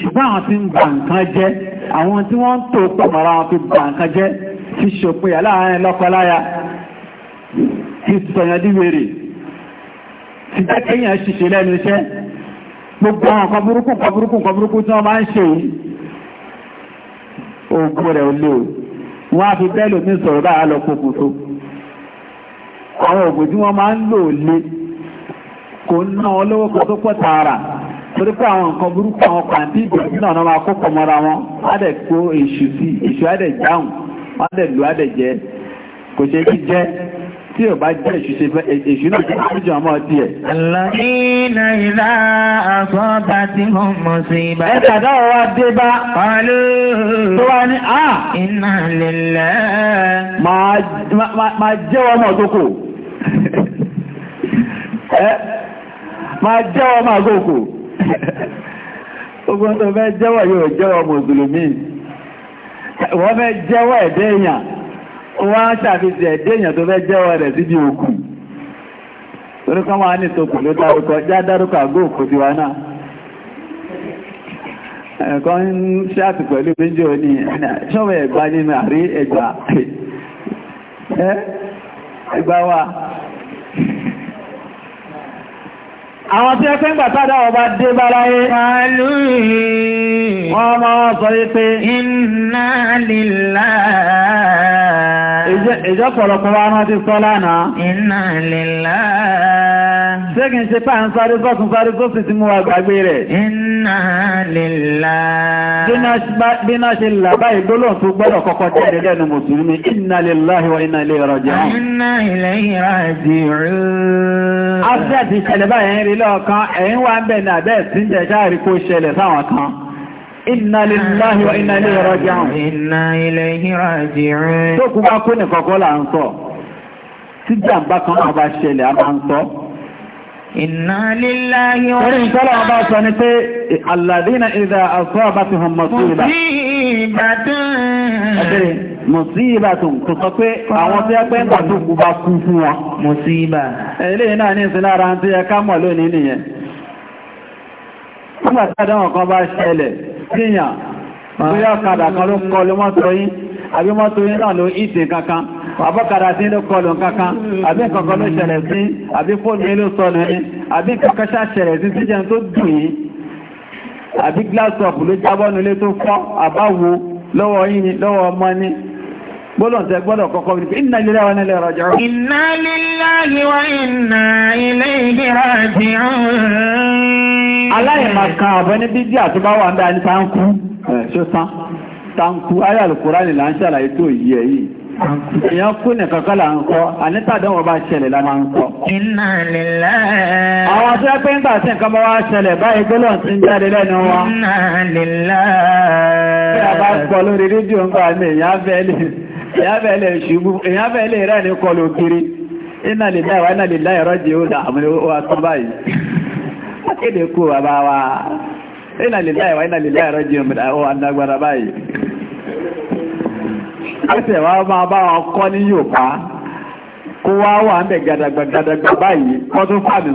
ṣùgbọ́n àwọn tí ń bà nǹkan jẹ́ àwọn tí wọ́n ń tò pọ̀mọ̀ra wọn fi bà nǹkan jẹ́ fi ṣòpinya láàárín lọ́kọláya fi sọ̀yàn díwèrè ti jẹ́ kéèyàn ṣiṣẹ́ lẹ́nu iṣẹ́ gbogbo àwọn nǹkan burúkú tí wọ́n máa ń ṣe ogun rẹ̀ ò o wọ́n á fi bẹ́ẹ̀lò ní sọ̀rọ̀ báyà lọ kókò àwọn ògùn tí wọ́n máa ń lò lé kò ná wọn kan tó pọ̀ tààrà torí pé àwọn nǹkan burúkú àwọn pàǹtí ìbòsí náà máa kó kọmọra wọn adẹ̀ kó èṣù sí èṣù adẹ̀ jáhùn adẹ̀ lù adẹ̀ jẹ kò ṣe kí jẹ́ tí ò bá jẹ́ èṣù náà jẹ́ àjọ ọmọ Tó wá ah! ọmọ àgókò. Máa jẹ́ ọmọ àgókò. ogun tó fẹ́ jẹ́wọ̀ yóò jẹ́wọ̀ mùsùlùmí wọ́n fẹ́ jẹ́wọ̀ ẹ̀dẹ́ èèyàn wọ́n á ṣàfihàn ẹ̀dẹ́ èèyàn tó fẹ́ jẹ́wọ̀ rẹ̀ síbi òkú torí kan ní tokù ló dárúkọ já dárúkọ àgbó òkú ti wá náà ẹ̀kọ́ ń ṣáàtì àwọn tí ẹgbẹ́ ìgbàtàdà ọba dé báláyé wọ́n ma wọ́n sọ wípé iná lílá ìjọ́ pọ̀lọpọ̀ wa rán ti sọ lánàá iná lílá ṣé kìí ṣe pàà ń sáré sọ́tún sáré tó sì mú wa gbàgbé rẹ̀ iná lílá bí náà ṣe làbá ìgbóló tó gbọ́dọ̀ kọ́kọ́ jáde ìpínlẹ̀ ọ̀kan ẹ̀yìn wà ń bẹ̀ ní àbẹ́ sí ń jẹjá àríkó ṣẹlẹ̀ sáwọn kan inna lillahi wa inna ilayhi raji'un inna ilayhi raji'un tó kú bá kú ní kọ̀kọ́ là mùsíbà tó kò sọ pé àwọn tí ẹ pẹ́ ń tàbí kú bá kú fún wọn mùsíbà ẹ̀lẹ́ náà ní ìsin lára tí ẹ ká mọ̀ lónìí nìyẹn nígbà tí àdáwọn kan bá ṣẹlẹ̀ síyàn bóyá ọ̀kadà kan ló kọlu mọ́tò yín àbí mọ́tò yín náà ló ìsìn kankan àbọ́kadà sí ló kọlu kankan àbí kankan ló ṣẹlẹ̀ sí àbí fóònù yín ló sọnù yín àbí kankan ṣàṣẹlẹ̀ sí síjẹun tó dùn yín àbí glass of ló jábọ́nulé tó fọ́ àbáwo lọ́wọ́ yín lọ́wọ́ ọmọ ni gbọ́dọ̀ tẹ gbọ́dọ̀ kọ́kọ́ ní inna lillahi wa inna ilayhi raji'un. inna lillahi wa inna ilayhi raji'un. aláìmọ̀kan àbọ̀ ní bídí àtúbá wà ń bẹ́ ní ṣó la máa ń kọ́. àwọn tó yẹ pé ń sí nǹkan bá wá ṣẹlẹ̀ báyìí gbọ́dọ̀ ti ń jáde lẹ́nu wọn. bí a bá gbọ́ lórí rédíò ń gbà mí èèyàn bẹ́ẹ̀ lè. èyàn fẹ́ lè rẹ̀ ní kọlù kiri iná lè dáwà iná lè dáyẹ̀ rọ́jì ó dà àmì wa tán báyìí akéde kú bàbá wa iná lè dáyẹ̀ wa iná lè dáyẹ̀ rọ́jì ó adágbára báyìí ẹsẹ̀ wa máa bá wọn kọ́ ní Yorùbá kó wá wà ń bẹ̀ gàdàgbà gàdàgbà báyìí kọ́ tún fàmì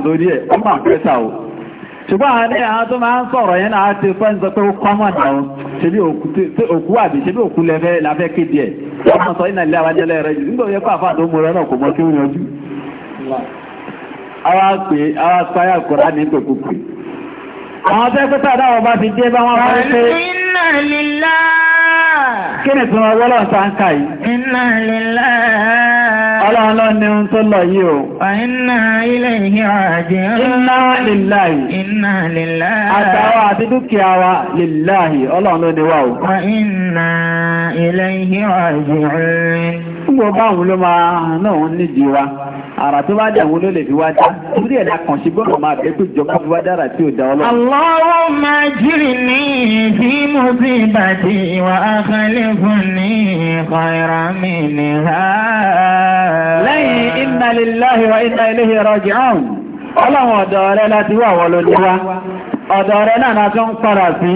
ṣùgbọ́n àwọn ilé àwọn tó máa ń sọ̀rọ̀ yẹn náà ti fẹ́ ń sọ pé ó kọ́mọ̀ náà ṣebí òkú àbí ṣebí òkú lẹ́fẹ́ láfẹ́ kéde ẹ̀ ọmọ sọ ìnàlẹ́ àwájẹ́lẹ́ rẹ̀ jù nígbà tó mú rẹ náà Ọlọ́ọ̀lọ́ ni ń tó lọ yìí o. Inna ilayhi raji'un. Inna lillahi. Inna lillahi. Àtàwà àti dúkìá wa lillahi ọlọ́ọ̀lọ́ àrà tó bá dẹ̀ wọ́n ló lè fi wá dá torí ẹ̀dá kan ṣe gbọ́dọ̀ máa bẹ́ẹ̀ pé ìjọba fi wá dára tí ò dá ọlọ́run. Allahumma ajirni fi musibati wa akhlifni khayran minha. lẹ́yìn inna lillahi wa inna ilayhi raji'un ọlọ́run ọ̀dọ̀ rẹ láti wá àwọn lóní wa ọ̀dọ̀ rẹ náà látún padà sí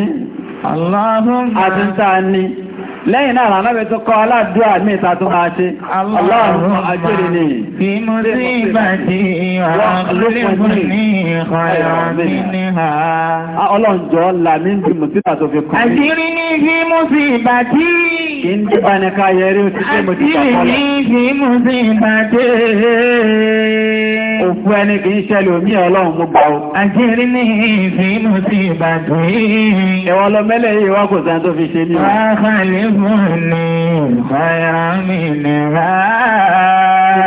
àti lẹ́yìn náà rànà bẹ tó kọ́ aládùá ní ìtàtún máa ṣe aláàrùn àjírí ni fi mú sí ìbàtí ọ̀rọ̀lẹ́fúnni ọ̀rọ̀ ní ha ọlọ́njọ́ làmí ń bí mú sí ìtàtún fi kọ́ àjírí ni fi mú sí ìbàtí kí ń dí bá ní káyẹrí ó ti pé mo ti tàkọ́ lọ àjírí ni fi mú sí ìbàtí òfú ẹni kì í ṣẹlẹ̀ omi ọlọ́run mú gbà ó. Àjírí ní ìfínú sí ìbàdí. Ẹ̀wọ̀n lọ mẹ́lẹ̀ yìí wá kò sàn tó fi ṣe ní. Wà á mọ́ni báyá mi nìra.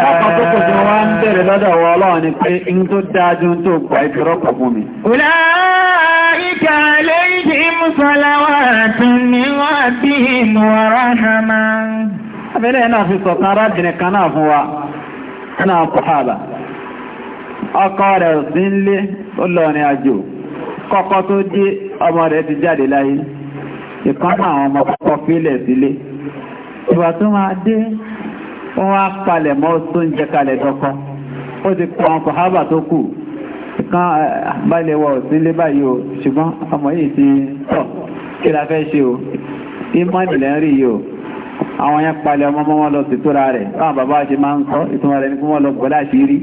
Ìpápa tó kò jọ wá ń bẹ̀rẹ̀ lọ́dọ̀ wa ọlọ́run ni pé in tó dájú tó gbà ìfẹ́rọ́pọ̀ fún mi. Kùlá ìkà lẹ́yìn kọ̀hálà. Ọkọ rẹ̀ sí ń lé ó àjò, kọ́kọ́ tó dé ọmọ rẹ̀ ti jáde láyé ìkánà àwọn ọmọ púpọ̀ fílẹ̀ sílé ìwà tó máa dé wọ́n wá palẹ̀ mọ́ tó ń jẹ kalẹ̀ dọ́kọ́ ó ti kọ àwọn kọ̀hábà tó kù ìkan àbálẹ̀wọ̀ sílé báyìí o ṣùgbọ́n ọmọ yìí ti tọ̀ kí la fẹ́ ṣe o ìmọ̀ ìlẹ̀ ń rí yìí o àwọn yẹn palẹ̀ ọmọ mọ́ wọn lọ sí tóra rẹ̀ báwọn bàbá ṣe máa ń sọ ìtumọ̀ rẹ̀ ní kí wọ́n lọ gbọ́dá sí rí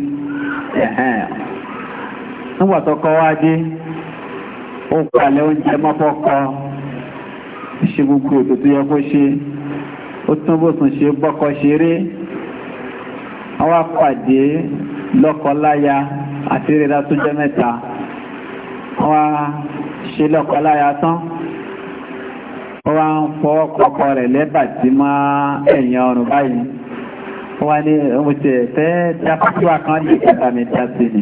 ṣe gbogbo ètò tó yẹ kó ṣe ó tún bó tún ṣe bọ́kọ ṣeré àwọn apàdé lọ́kọláya àti rírà tó jẹ́ mẹ́ta wọ́n ṣe lọ́kọláya tán wọ́n ń fọ́ kọ́kọ́ rẹ̀ lẹ́bàtí mọ́ ẹ̀yìn ọrùn báyìí wọ́n ní mo ti ẹ̀fẹ́ dápátúwà kan ní ìjọba mẹ́ta sí ni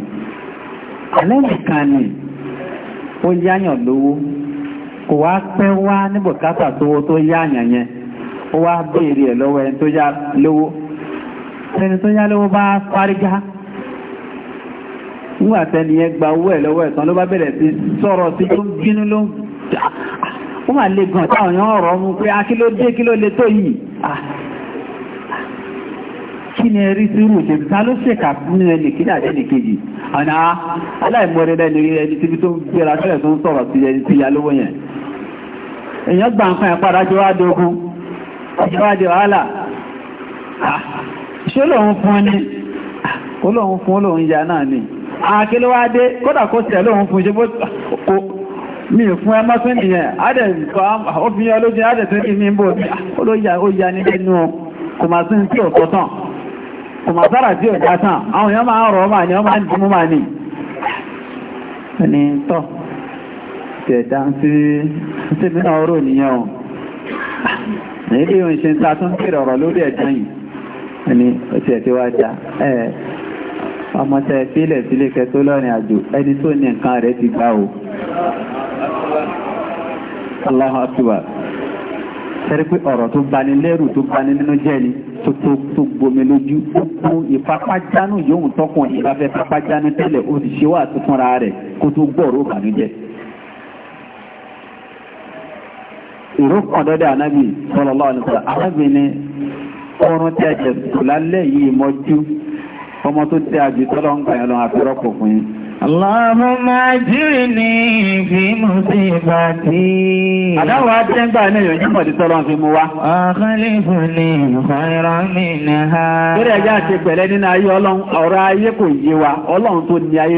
ẹlẹ́nìkan ni ó yáyàn lówó kò wá pẹ́ wá ní bùkátà tówó tó yáàyàn yẹn ó wá béèrè ẹ̀ lọ́wọ́ ẹni tó yá lówó ẹni tó yá lówó bá fárígá nígbà tẹni yẹn gba owó ẹ̀ lọ́wọ́ ẹ̀tàn ló bá bẹ̀rẹ̀ sí sọ̀rọ̀ sí ló ń bínú ló ń ó mà lè gàn táwọn yẹn ọ̀rọ̀ mu pé akílódé ah, kí ló le tó yìí ah. kí ni ẹrí sí irú ìṣẹ́ ta ló ṣèkà nínú ẹni kí ní àjẹ́ni kejì àná aláìmọ̀rẹ́lẹ́ni ẹni tíbi tó ń gbéra sílẹ̀ tó ń sọ̀rọ̀ sí ẹni tí ya lówó yẹn èyàn gbà ń ah, fún ẹ̀pàdà jọ wádógún ìjọwádé wàhálà ṣe lòun fún ní olóhun fún olóhun ya náà ni àkílówádé ah, kódà kó tẹ̀ lóhun fún ṣe bó mi fún ẹmọ́ tún nìyẹn adẹ̀ òfin olójin adẹ̀ tún ní bó olóyà ní nínú kò máa tún tí ò tọ́tàn kò máa sára tí ò dátàn àwọn èèyàn máa ń tẹ̀dá tí tẹ́bí náà rò níyàn ọ̀ ní ìwọ̀n ṣe ń ta tún kèrè ọ̀rọ̀ lórí ẹ̀dán yìí ẹni ọ̀tẹ̀ tí wá já ẹ̀ ọmọ tẹ́ sílẹ̀ sílé kẹtó lọ́rin àjò ẹni tó ní nǹkan rẹ̀ ti gbá o Allahu Akbar sẹ́rí pé ọ̀rọ̀ tó bani lẹ́rù tó bani nínú jẹ́ ni tó tó gbomi lójú gbogbo ìfapájánù yóò tọkùn ìbáfẹ́ fapájánù tẹ́lẹ̀ ó ti ṣe wà tó fúnra rẹ̀ kó tó gbọ́rọ̀ ìrúkàn dọ́dẹ̀ ànábì sallallahu alaihi wasallam arábìnrin ọrún tí ẹ̀jẹ̀ lálẹ́ yìí mọ́jú ọmọ ń gbà fi ní èèyàn jí mọ̀dí tọ́lọ́ fi mú wá. Akhlifni khayran minha. Lórí ẹjẹ́ àti pẹ̀lẹ́ nínú ayé ọlọ́run ọ̀rọ̀ ayé kò yé wa, ọlọ́run tó ní ayé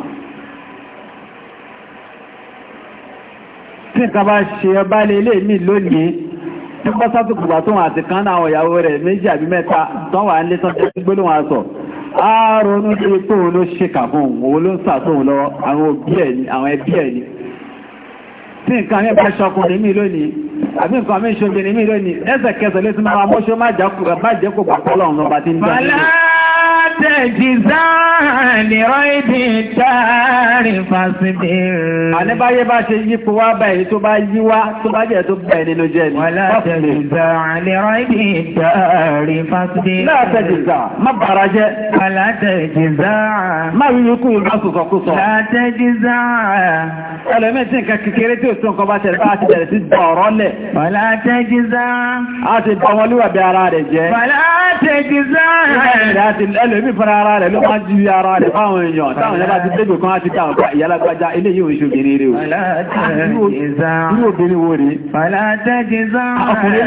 tí nǹkan bá ṣe ọba lè lè mí lónìí tí bọ́ sátùkùgbà tó wọn àti kan àwọn ìyàwó rẹ̀ méjì àbí mẹ́ta tán wà nílé tán tẹ́lẹ̀ gbólóhùn aṣọ ààrùn ní pé òun ló ṣe kà fún òun ló ń sàtóhun lọ àwọn ẹbí ẹ̀ ni àbí nǹkan mi ṣe obìnrin mi lónìí lẹ́sẹ̀kẹsẹ̀ lé sí máa mọ́ṣọ́ má jẹ́ kó pàpọ̀ lọ́run lọ́ba tí ń dá nílé. Tẹ̀jìzá nìrọ̀ ibi ìtàrí fásitì. Àníbáyé bá ṣe yípo wá báyìí tó bá yí wá tó bá jẹ́ tó bẹ̀ nínú jẹ́ ni. Wọ́lá tẹ̀jìzá nìrọ̀ ibi ìtàrí fásitì. Láà tẹ̀jìzá má bàrà jẹ́. Wọ́lá jẹ́. Fàlá tẹ́gizá. A ti bá wọn lúwà bí ara rẹ̀ jẹ́. Fàlá tẹ́gizá. Ẹlòmí fara ara rẹ̀ ló máa jí ara rẹ̀ fáwọn èèyàn. Táwọn yàrá ti débè kan àti táwọn pa ìyá lágbájá ilé yìí oṣù obìnrin rẹ̀ o. Fàlá tẹ́gizá. Irú obìnrin wo rèé? Fàlá tẹ́gizá. Ọkùnrin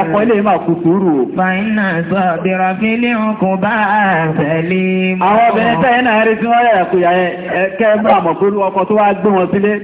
Ọkọ̀ ilé máa kú sùúrù o. Fàyínà sọ bìrọ̀ fílẹ̀ bá àtẹ̀lé. Àwọn obìnrin tẹ́yìn náà rí tí wọ́n yẹ̀ kú yà ẹ kẹ́ ọkọ̀ tó wá gbé sílé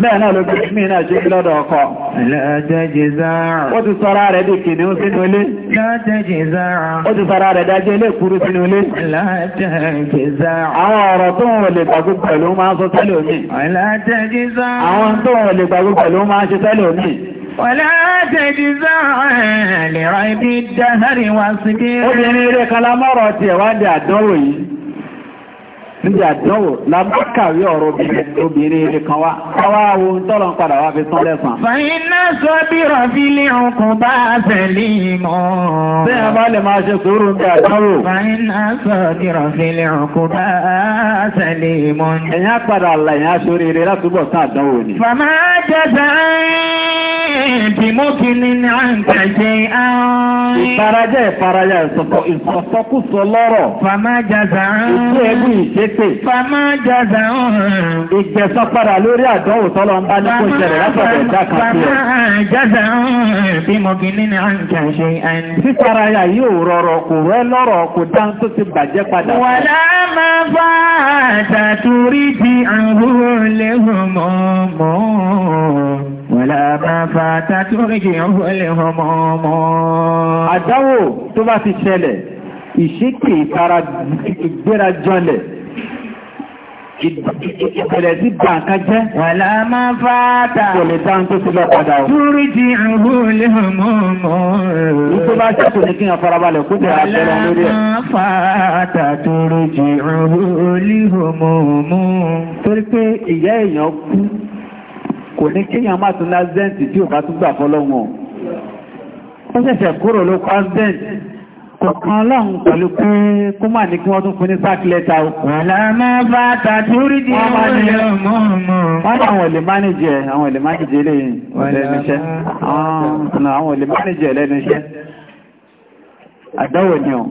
bẹ́ẹ̀ náà ló gbé mí náà ṣe lọ́dọ̀ ọkọ̀. ó ti sọ́ra rẹ̀ di kìnnìún sínú ilé. ó ti sọ́ra rẹ̀ dájẹ́ ilé kúrú sínú ilé. àwọn ọ̀rọ̀ tó ń lè gbàgbé pẹ̀lú máa ń sọ tẹ́lẹ̀ omi. àwọn tó ń lè gbàgbé pẹ̀lú máa ń ṣe àdánwò yìí níbi àdánwò lábákàrí ọ̀rọ̀ obìnrin ilé kan wá káwá wo ń tọ́lọ ń padà wá fi tán lẹ́sàn. fàyínà sọ bí rọ̀fílì ọkùn bá fẹ̀lì mọ́. bí a bá lè máa ṣe sùúrù ń bẹ àdánwò. fàyínà sọ bí rọ̀fílì ọkùn bá fẹ̀lì mọ́. ẹ̀yàn padà là ẹ̀yàn aṣoríire látúbọ̀ tán àdánwò ni. fàmà jẹ́sà bí mo ní àǹkà jẹ́ àwọn. ìfarajẹ́ ìfarajẹ́ ìsọ̀kúsọ lọ́rọ̀. fàmà jẹ́sà. ìṣe ṣépè. Fàmà jàdà ọ̀hún. Ìgbẹ̀sán padà lórí àdánwò tọ́lọ ń bá ní kó ṣẹlẹ̀ látọ̀dọ̀ ẹ̀dá kan sí ẹ̀. Fàmà jàdà ọ̀hún. Bí mo kì ní náà ń ṣe ẹni. Sísara ya yóò rọrọ̀ kò rẹ́ lọ́rọ̀ kò dá tó ti bàjẹ́ padà. Wàlá máa bá àtàtúrí ti àhùn léhùn mọ́ mọ́. Wàlá máa bá àtàtúrí ti àhùn léhùn mọ́ mọ́. Àdánwò tó bá ti ṣẹlẹ̀, ìṣíkè ìtara ìgbéra jọlẹ̀. Ìbẹ̀rẹ̀ sí bà ká jẹ́. Wàlá máa fàátà. Kò lè dáhùn tó ti lọ padà o. Túrí di ìrù lè mọ́ mọ́. Ìgbé bá ṣètò ní kí n farabalẹ̀ kó jẹ́ lórí ẹ̀. Wàlá máa fàátà túrí di ìrù lè mọ́ mọ́. Torí pé ìyá èèyàn kú, kò ní kéèyàn kọ̀kan ọlọ́run pẹ̀lú pé kó máa ní kí wọ́n tún fún ní sákìlẹ́ta wọ́n máa bá tàbí orí di àwọn olèmánìjẹ́ àwọn olèmánìjẹ́ lẹ́nu iṣẹ́ àwọn olèmánìjẹ́ lẹ́nu iṣẹ́ àdáwọ̀ ni ọ̀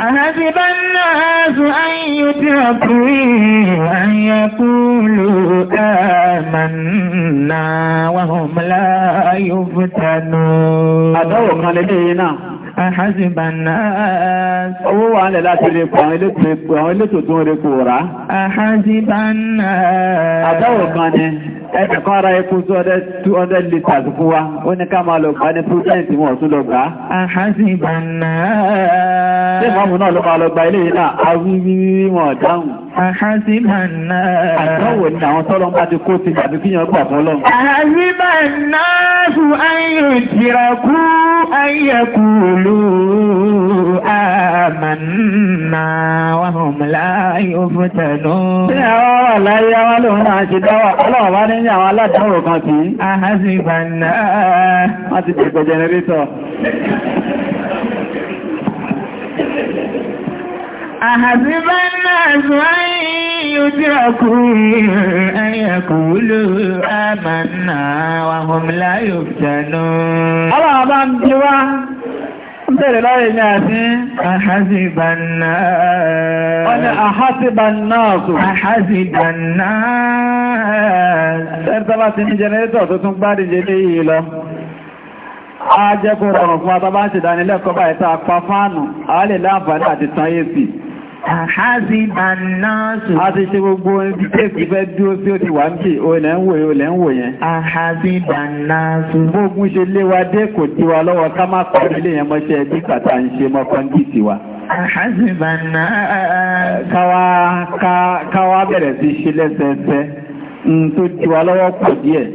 أحسب الناس أن يتركوا أن يقولوا آمنا وهم لا يفتنون. أدعوك على دينا. Àhásìbà náà. Owó wà ń lẹ̀ láti rí pọ̀ àwọn elétò tó ń rí kò rá. Àhásìbà náà. 200 litres fún wa, ó ní ká máa lọ gbá ní prudence wọn tún lọ gbá. Àhásìbà náà. Ṣé ìmọ̀mù náà ló máa lọ gba ilé yìí náà? Awíwíwí wọn dáhùn. قالوا آمنا وهم لا يفتنون أحسب الناس أحسب الناس أن يتركوا أن يقولوا آمنا وهم لا يفتنون الله أبا bẹ̀rẹ̀ láàrin ní àti àhásìbànáàtò. Ọ̀nà àhásìbànáàtò. Àhásìbànáàtò. Ẹ̀rẹ́ tọ́bá ti ní jẹnẹrétọ̀ tó tún gbádìí jẹ́ lé yìí lọ a jẹ́ kó dánilẹ́kọ́ báyìí tá pa fáànù a lè láǹfààní àti tán yé sí Àhásíbànáàsù. A ti ṣe gbogbo ibi tí èsì fẹ́ dúró sí ó ti wà ń bì, ó ń wòye, ó lẹ́ ń wò yẹn. Àhásíbànáàsù. Gbógun ṣe lé dé kò tí wa lọ́wọ́ ká má kọ́ ilé yẹn mọ́ṣẹ́ ẹbí kàtà ń ṣe mọ́kàndìsì wa. Àhásíbànáàsù. Káwa bẹ̀rẹ̀ sí ṣe lẹ́sẹẹsẹ, tó ti wa lọ́wọ́ pọ̀ díẹ̀,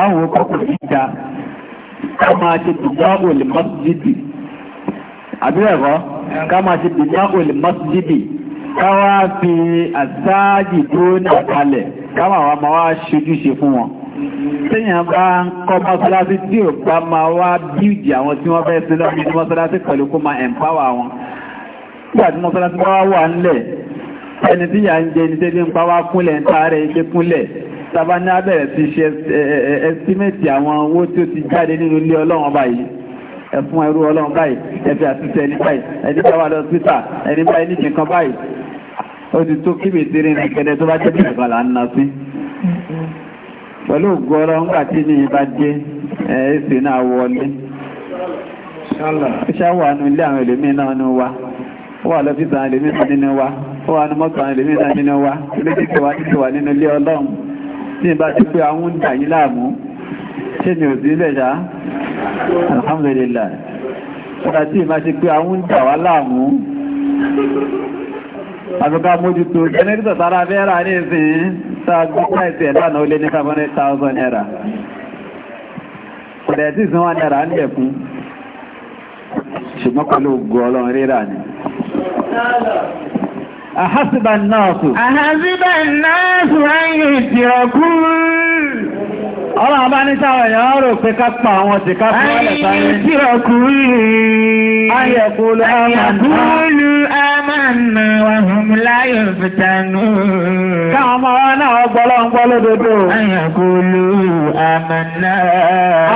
àwọn òkú kò fi ta. Ká máa ṣe tùbá àbíwẹ̀kọ́ ká máa ṣe bìtá olè mọ́sídìbì ká wá fi àtàjì tó náà kalẹ̀ ká máa wá máa wá ṣojúṣe fún wọn tíyàn bá ń kọ́ mọ́sálásí tí ò bá máa wá bíìdì àwọn tí wọ́n fẹ́ sí lọ́pọ̀ ní mọ́sálásí pẹ̀lú kó máa ẹ̀mpáwà wọn nígbà tí mọ́sálásí bá wà ńlẹ̀ ẹni tí ń jẹ ẹni tẹ́bí ń pa wá kúnlẹ̀ ń tààrẹ ike kúnlẹ̀ tàbá ní abẹ́rẹ̀ ti ṣe ẹstímẹ́tì àwọn owó tí ó ti jáde nínú ilé ọlọ́run báyìí ẹ̀fún ẹrú ọlọ́run báyìí ẹ̀fí àtúnṣe ẹni báyìí ẹni bá wà lọ síta ẹni bá ẹni jìn kan báyìí ó ti tó kí mèsìrì ní kẹ́dẹ́ tó bá jẹ́ bẹ̀rẹ̀ bàlá ń na sí pẹ̀lú ògùn ọlọ́run gbà tí ní ibà dé ẹ̀ẹ́sì náà wọlé iṣẹ́ wà nù ilé àwọn ẹlòmíì náà nù wa ó wà lọ́fíìsì àwọn ẹlòmíì náà nínú wa ó wà nù mọ́tò àwọn ẹlòmíì náà nínú wa ilé títí wa títí wà nínú ilé ọlọ́run tí ìbá ti pé àwọn ń dà yín láàmú ṣé mi ò sí ilẹ̀ ṣáá alhamdulillah ọ̀dá tí ìmá ṣe pé àwọn ń dà wá láàmú àbúká mójútó jẹnẹ́rítọ̀ sára bẹ́ẹ̀rà ní ìsìn sáàgbé pẹ́ẹ̀sì ẹ̀lànà olé ní 500,000 naira ọ̀dẹ̀ tí ìsìn wọn naira ń lẹ̀kún ṣùgbọ́n pẹ̀lú ògùn ọlọ́run rírà ni أحسب الناس أحسب الناس أن يتركون ọ̀rọ̀ àbá ní sáwọn èèyàn rò pé ká àwọn ti ká fún sáré. ayé kúrò fìtánà wàhùn láyò fìtánù. Káwọn ọmọ wa náà gbọ́lọ́ ń gbọ́ lódodo. Àyàkúlù àmànà.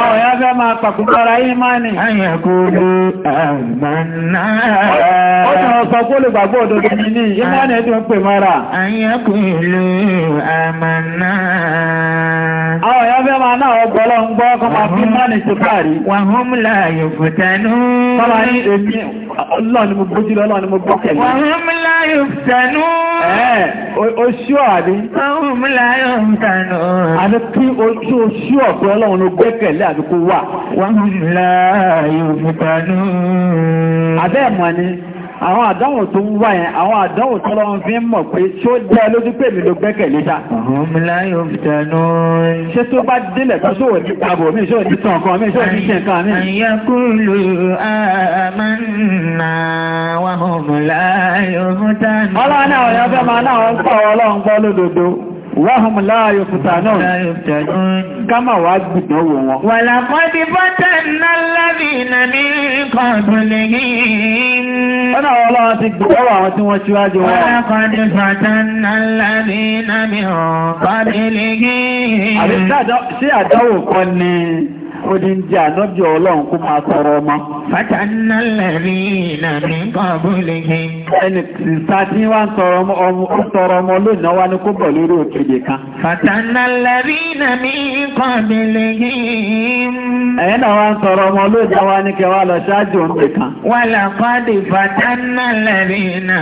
Àwọn ìyá fẹ́ máa pàkúkọ́ra ìmánì. Àyàkúlù àmànà. Ó ti wọ́n sọ kó lè òdodo mi ní ìmánì ẹ̀dùn pè mọ́ra. Àyàkúlù àmànà. Àwọn ìyá fẹ́ máa náà gbọ́lọ́ ń gbọ́ mo gbójú lọ́lọ́ọ̀ni mo gbọ́kẹ̀lé. Fàhùn láyò tẹ̀nú. Oṣù àdé. Fàhùn láyò tẹ̀nú. Àti kí ojú oṣù ọ̀pẹ́ ọlọ́run ló gbẹ́kẹ̀lé àdúgbò wà. Wàhùn láyò tẹ̀nú. Àbẹ́ ẹ̀mọ́ ni àwọn àdánwò tó ń wá yẹn àwọn àdánwò tó lọ́wọ́ fi ń mọ̀ pé tí ó jẹ́ lójú pé mi ló gbẹ́kẹ̀lé ta. ọ̀húnmíláyò fìtẹ̀nù. ṣé tó bá délẹ̀ tó ṣòwò ní pabò mi ṣòwò ní tàn kan mi ṣòwò ní ṣe nǹkan mi. Wọ́n láàáyò fúta náà kámà wá gbùdọ̀ wò wọn. Wà làkọ́dí bọ́tẹ̀ ńlá lábì nà ní kọ̀dùnlé yìí. Wọ́n náà wọ́n láwọn ti gbùdọ̀ wà wọn tí wọ́n ṣíwájú wọn. Wà làkọ́dí bọ́tẹ̀ ńlá lábì nà ó ní ń jẹ́ ànájọ́ ọlọ́run kó máa tọrọ ọmọ. fàtàlá lẹ́rí ìlànà kọ́bùlẹ̀ kí. ẹni ìsájí wá ń tọrọ ọmọ lónìí wá ní kó bọ̀ lórí òkèdè kan. fàtàlá lẹ́rí ìlànà kọ́bùlẹ̀ kí. ẹ̀yìn náà wá tọrọ ọmọ lónìí wá ní kẹwàá lọ ṣáájú òǹdè kan. wàlà kọ́dì fàtàlá lẹ́rí ìlànà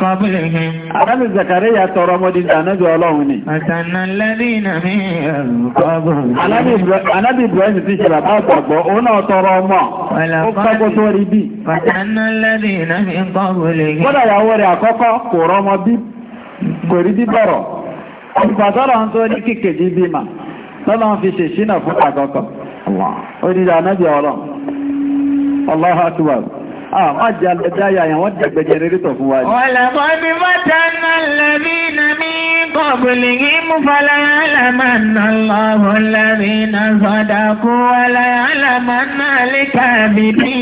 kọ́bùlẹ̀ kí. àbámi Zakariya tọrọ ọmọdé ìdánájọ́ ọlọ́run ni. fàtàlá lẹ́rí ìlànà kọ́bùlẹ̀ kí sì ti ṣe bàbá àgbàgbọ́ òun náà tọrọ ọmọ ó kọ́kọ́ tó rí bí. Bọ́dà ìyàwó rẹ̀ àkọ́kọ́ kò rọmọ bí kò rí bí bọ̀rọ̀. Ìgbà tọ́rọ̀ ń tó ní kíkèjì bí mà tọ́lọ́ fi ṣèṣínà fún àkọ́kọ́. Ó ní ìdánájì ọ̀rọ̀. Allahu Akbar. Ah, má jẹ́ alẹ́dáyà yẹn wọ́n dẹ̀gbẹ̀jẹ̀ rẹ̀rẹ̀tọ̀ fún wa ní. Ọ̀lẹ̀kọ́ bí mọ́ta náà lẹ́bí na mí kọ̀bùlì yí mú fàlàyálàmánà lọ́wọ́ lẹ́bí na sọ́dàkú wàlàyálàmánà lè kàbí bí.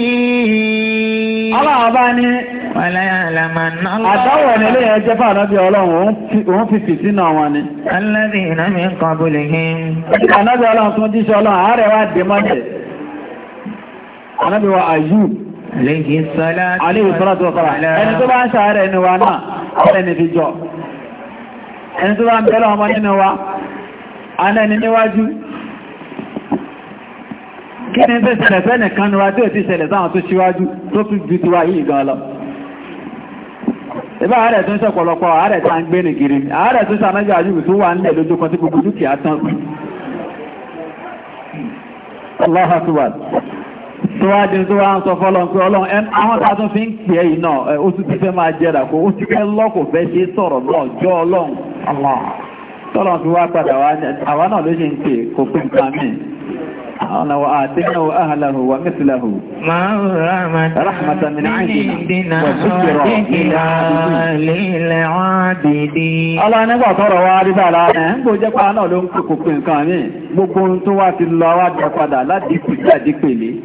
Aláàbá ni Wàláyàlámánà lọ́wọ́. Àdáwọ̀ ni ẹjẹ́ fà náà bí ọlọ́run òun fi fi sínú àwọn ni. Alẹ́bí iná mi ń kọ bólè hìn. Ànábí ọlọ́run tún jíṣẹ́ ọlọ́run àárẹ̀ wá dé mọ́jẹ̀. Aléhì sọ́lá. Aléhì sọ́lá tó kọ́ra. Ẹni tó bá ń ṣàárẹ̀ inú wa náà, ọ̀rẹ́ ni fi jọ. Ẹni tó bá ń bẹ́lọ ọmọ nínú wa, aná ẹni níwájú. Kí ni tó ṣẹlẹ̀ fẹ́ nìkan wa tí ò ti ṣẹlẹ̀ sáwọn tó ṣíwájú tó fi ju ti wa yìí gan lọ. Ibá àárẹ̀ tó ń ṣọ̀pọ̀lọpọ̀ àárẹ̀ tá ń gbé ní kiri. Àárẹ̀ tó ṣàmẹ́jọ àjúbù tó wà nílẹ̀ lójú kan tí gbogbo dúkìá tán. Allah akbar. Tíwájú tó wá ń sọ fọ́lọ́n pé ọlọ́run ẹn àwọn tàà tún fi ń pè é yìí náà ó tún ti fẹ́ máa jẹ́ra kó ó ti fẹ́ lọ́kò fẹ́ ṣe sọ̀rọ̀ náà jọ ọlọ́run tọ́lọ́run fi wá padà wá àwa náà ló ṣe ń pè kò pín nǹkan mí àwọn àwọn àtẹ́yìnà ahàlàhù wà mẹ́sìláhù rahmatan lil abidin ọlọ́run nígbà tọ́rọ wá rí ń gbò jẹ́ pa náà ló ń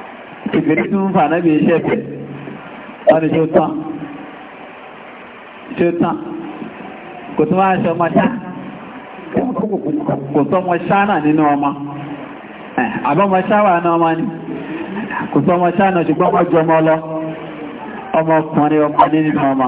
kèfèrí tí ń fà náà iṣẹ́ ni ṣe tán ṣe tán kò tó máa ọmọ ṣá kò tó ọmọ ṣá náà nínú ọmọ àbọ́mọ ṣá wà náà ọmọ ni kò tó ọmọ lọ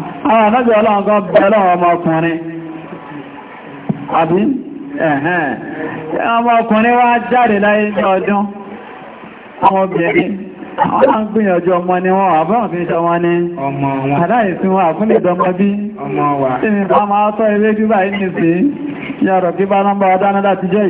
àwọn ànábì ọlọ́run kan bẹ ọlọ́run ọmọkùnrin àbí ẹ̀hẹ́n ọmọkùnrin wá jáde láyé ní ọdún ọmọbìnrin àwọn náà ń gbìyànjú ọmọ ni wọ́n àbáwọn fi ń ṣe wọn ní aláìsí wọn àkúnlẹ̀ ìdọmọ bí tí mi bá máa tọ́ ilé bíbà ní sí yàrọ̀ bí bá nọ́mbà ọdáná láti jẹ́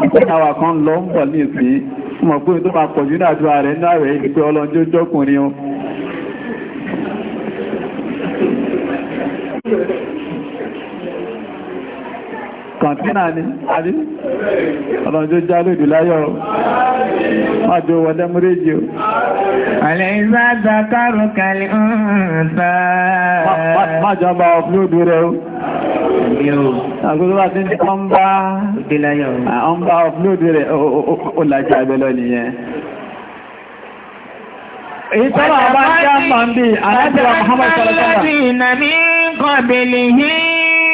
ìtàwà kan lọ ń bọ̀ ní ìsí mọ̀ pé tó máa pọ̀jú ní àdúrà rẹ̀ ní ààrẹ ìdí ọlọ́njọ́ jọ́kùnrin kọ̀ntínà ni àrí ọlọ́jọ́ já lòdì láyọ̀ májò wọlé múréjì o alẹ́ ìsáàdà kárù kàlẹ̀ ọ̀nà májò bá ọ̀flódù rẹ̀ o àgbẹ́gbẹ́ bá ti ń tọ́ ń bá ọ̀flódù rẹ̀ ó lájá abẹ́lọ́ nìyẹn èyí tọ́lọ̀ àbá ń bí àrájẹ́ Muhammad sọ̀rọ̀ sọ̀rọ̀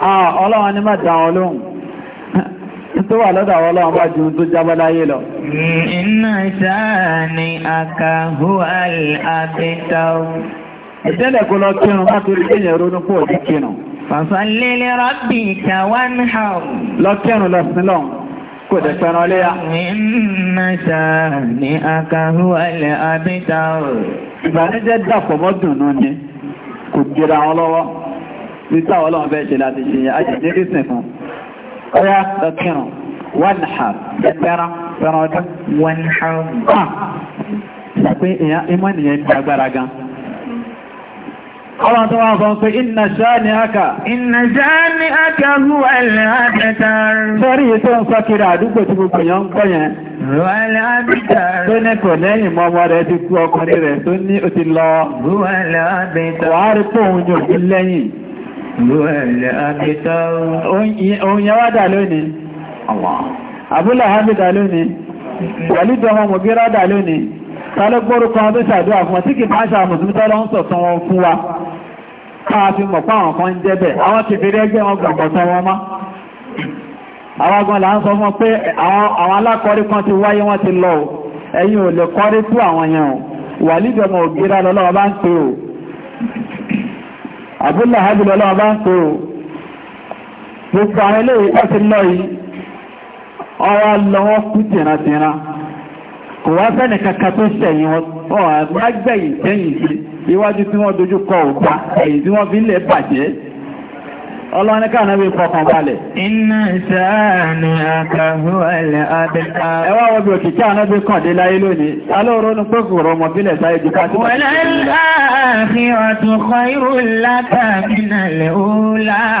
Ah, ọlọ́wọ́n ni má dáwọn olóhùn tó wà lọ́dọ̀ àwọn ọlọ́wọ́n bá jùun tó jábọ́ láyé lọ. iná sáàni àkàhù àbẹ́tọ̀ ìtẹ́lẹ̀ kó lọ kírun má torí kéèyàn ronú pò ní kírun. fàṣọlélẹ́ rọ́bì kàwọn hàn. lọ kírun lọ sí lọ́hùn kò dẹ̀ fẹ́ràn léyà. iná sáàni àkàhù àbẹ́tọ̀ ìbànújẹ́ dàpọ̀ mọ́ dùnú ni kò gbéra wọn lọ́wọ́ títà ọlọ́run bẹ́ẹ̀ ṣe láti ṣe àjẹ́jẹ́ rísìn fún ọya lọ́kírùn wọ́n ha ẹgbẹ́ra fẹ́ràn ọdún wọ́n ha ah! pé ìmọ̀ ènìyàn ní agbára gan ọlọ́run tó wọ́n fọ́n pé iná ṣáàni aka iná ṣáàni aka hù ẹ̀lẹ́ àtẹ́tàr sọ́rí yìí tó ń sọ kiri àdúgbò tí gbogbo yẹn ń gbọ́ yẹn rọ́ẹ̀lẹ́ tó ní lẹ́yìn mọ́mọ́ Òyìn wá dà lónìí. Àbúlà Hamid dà lónìí. Wàlídì ọmọ Mùgírá dà lónìí. Ta ló gbórúkọ ọdún tó ṣàdúrà fún tí kì máa ṣe àmùsùn tọ́lọ ń sọ̀tọ̀ wọn fún wa. Káà fi mọ̀ páwọn kan jẹ́ bẹ̀. Àwọn ti fèrè ẹgbẹ́ wọn gbàgbọ́tọ̀ wọn má. Àwọn agan là ń sọ fún pé àwọn alákọ̀ọ́rí kan ti wáyé wọ́n o. Ẹ̀yin ò o. Wàlídì ọmọ Mùgírá lọ́lọ́wọ́ àbúlà ábìlẹ̀ ọlọ́wọ́ bá ń pè ó gbogbo àwọn ilé ìpá ti lọ yìí ọwá lọ́wọ́ kú tìrantìra kò wá fẹ́ni ọlọ́ni káànáwé kọkàn balẹ̀. iná sáàni àkàhù ẹ̀lẹ̀ abẹ́ta. ẹwà wọ́n bí òkè kí ànábí kàn dé láyé lónìí alóòrò ní pé kò rọmọ bílẹ̀ sáyé jù ká sí pàtàkì. wọ́n láàáfin ọ̀tún kọ irú látàmínà lè ó láà.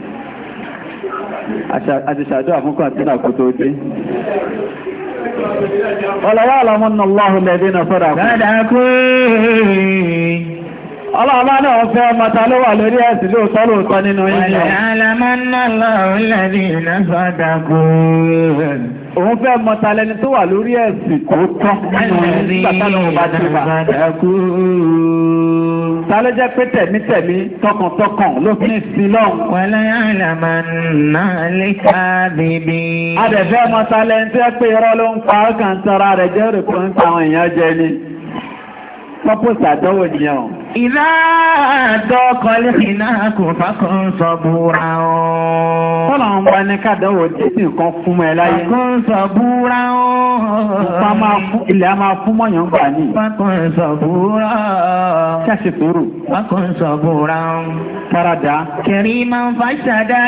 àti ṣàdúrà fún kọ̀ǹtínà kò tó dé ọlọ́wọ́ àlọ́mọ́nà lọ́hùn lẹ́dínà sọ́dà kú Ọlọ́ọ̀lá náà fẹ́ ọmọta ló wà lórí ẹ̀sì ló tọ́lù ìkan nínú yíyan. Ọlọ́ọ̀lá náà lọ́rùn lẹ́rí ìlọ́sọ́dàkùn òun fẹ́ mọta lẹni tó wà lórí ẹ̀sìn kó tán nínú ìgbàtánà bá ti wà. Tálẹ́ jẹ́ pé tẹ̀mítẹ̀mí tọkàntọkàn ló fi ń sin lọ́hùn. Wẹ́lẹ́ àlàmà náà lè ká bèbè. A dẹ̀ fẹ́ mọta tó yẹ pé irọ́ ló ń pa ọkàn tọrọ rẹ̀ jẹ́ rẹ̀ kó ń pa àwọn èèyàn jẹ ni. Pọ́pọ́sì àdánwò nìyẹn o. Ìlà àtọ́kọlẹ̀ iná kò fákọ́ sọ búra ọ́. Kọ́lá ń bá ní kádánwò títì nǹkan fún mọ́ ẹ láyé. Fákọ́ sọ búra ọ́. Ilẹ̀ a máa fún mọ́yàn gbà ní. Fákọ́ sọ búra ọ́. Ṣáṣe fòrò. Fákọ́ sọ búra ọ́. Parada. Kẹ̀rí máa ń fàṣàdá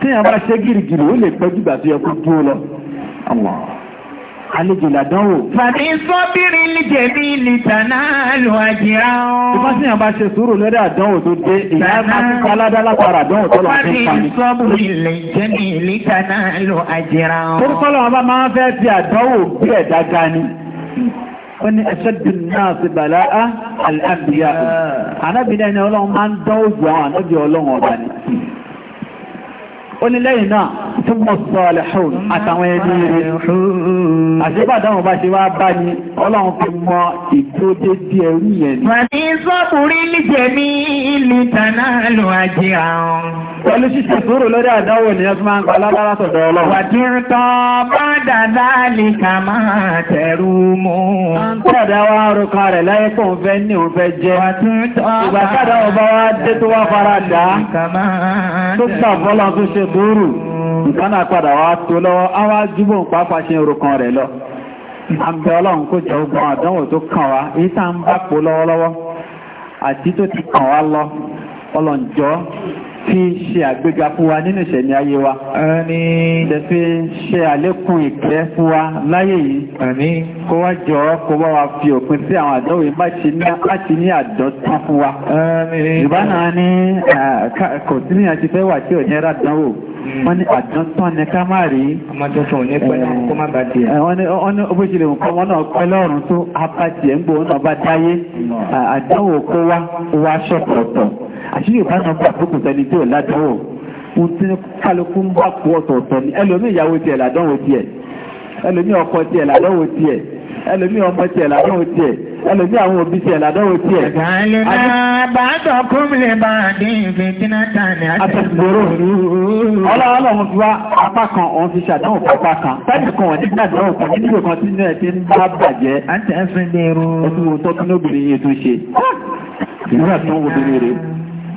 tí a bá ṣe gírígírí ó lè pẹ́ jùgbà tó yẹ kó dúró lọ àlejò làdánwò. fàbí sọ́bìrì ní jẹ̀bi lìtànà lò àjìrá ọ́. bí fásitì yàn bá ṣe sùúrù lórí àdánwò tó dé ni. ó ní náà ti bàlá á àlàbíyá. ànábìyá ni ọlọ́run máa ń dánwò ju àwọn ànábìyá ọlọ́run ọba ni ó ní lẹ́yìn súnmọ̀ sọ́ọ̀lẹ̀ ṣùn àtàwọn ẹni rẹ̀. àṣípàdánwò bá ṣe wá bá ní ọlọ́run fi mọ ìgbódé bí ẹrú yẹn ni. wà ní sọ́kùnrin níjẹ̀mí ìlú tànà lò àjẹ àwọn. pẹ̀lú ṣíṣe sùúrù lórí àdánwò ni ẹtù máa ń palá lára sọ̀dọ̀ ọlọ́run. wà kí n tán bá dàda lè kà máa tẹ̀rù mú. àǹtọ̀dá wa ń rokan rẹ̀ láyé pé òun fẹ́ ní òun fẹ́ jẹ́. wà kí n tán bá dàda ọba wa dé tó wá fara dà. kà máa tẹ̀rù mú. tó gbà fọlọ́ tó ṣe dúró. nǹkan náà padà wá tó lọ́wọ́ á wá júbò ń pàápàá ṣe orò kan rẹ̀ lọ àbẹ̀ ọlọ́run kó jẹ́ ogun àdánwò tó kàn wá èyí tá ń bá pò lọ́wọ́lọ́wọ́ àti tó ti kàn wá lọ ọlọ́njọ́ fi ṣe àgbéga fún wa nínú ìṣẹ̀ni ayé wa. Àmín. Lè fi ṣe àlékún ìkẹ́ fún wa láyé yìí. Àmín. Kó wá jọ kó bá wa fi òpin sí àwọn àdánwò yìí láti ní àdọ́tán fún wa. Àmín. Ìbáná ní kò sí ní àti fẹ́ wà tí ò ní rà dánwò hmm. wọ́n ní àdántán ní ká máa rí ọmọdọ́tàn ní pẹ̀lú kó má bá díẹ̀ wọ́n ní ọbójìlẹ̀ nǹkan wọ́n náà pẹ́ náà bá dáyé hmm. àdánwò àṣírí ìbá náà gbà fókùn sẹni tí ò ládánwò ohun tí kálukú ń bá kú ọ̀tọ̀ọ̀tọ̀ ni ẹlòmíì ìyàwó tiẹ̀ ládánwò tiẹ̀ ẹlòmíì ọkọ tiẹ̀ ládánwò tiẹ̀ ẹlòmíì ọmọ tiẹ̀ ládánwò tiẹ̀ ẹlòmíì àwọn òbí tiẹ̀ ládánwò tiẹ̀. ìgbàlè náà bá tọkùn bá dín fìtínà tí náà ti ń bá bàjẹ́.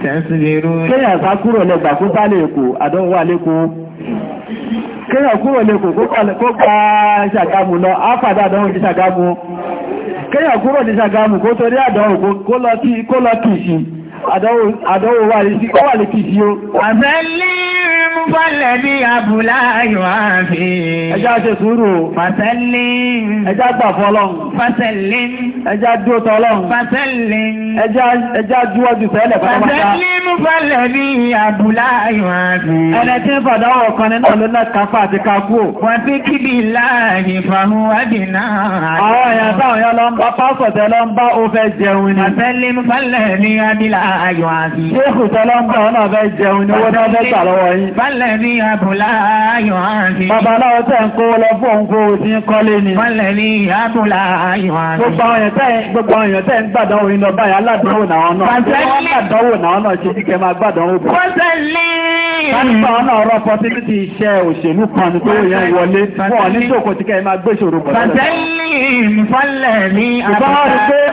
kéèyàn sá kúrò lẹ́gbà kó bá lè kò àdánwò wà lẹ́kọ̀ọ́ kéèyàn kúrò lẹ́kọ̀ọ́ kó pa ṣàgámù lọ ápàdà àdánwò ti ṣàgámù kéèyàn kúrò ní ṣàgámù kó torí àdánwò kó lọ kìí sí àdánwò wà lè kìí sí ó fọ́lẹ̀ bí abúlá yóò á fi. Ẹjá ṣe sùúrù. Fàṣẹ́lì. Ẹjá gbà fọ́lọ́hùn. Fàṣẹ́lì. Ẹjá dúró tọ́lọ́hùn. Fàṣẹ́lì. Ẹjá juwọ́jú tẹ́lẹ̀ fọ́lọ́pàá. Fàṣẹ́lì mú fọ́lẹ̀ bí abúlá yóò á fi. kan nínú ló náà kápá àti kákú. Wọ́n ti kí ni. Fàṣẹ́lì mú fọ́lẹ̀ ní abúlá yóò á fi. Ṣé kùtẹ́ lọ ń bá ọ náà fẹ́ jẹun ni owó náà Wọ́lẹ̀rí àbùlá ayọ̀ àti. Babaláwo tẹ́ ń kó lọ fún òun kó o ti ń kọ́lé ni. Wọ́lẹ̀rí àbùlá ayọ̀ àti. Gbogbo ọ̀yàn tẹ́ ń gbàdán orin lọ báyìí aládánwò náà náà. Pàtẹ́lì. Wọ́n gbàdánwò náà náà ṣe kíkẹ́ máa gbàdán ó bọ̀. Pàtẹ́lì. Kánípa ọ̀nà ọ̀rọ̀ pọtíkítì iṣẹ́ òṣèlú kan ni kó yẹn wọlé. Wọ́n ní tòkó ti kẹ́ máa gbé ìṣòro pọ̀. Pàtẹ́lì ìfọ́lẹ̀ ní àbúrò.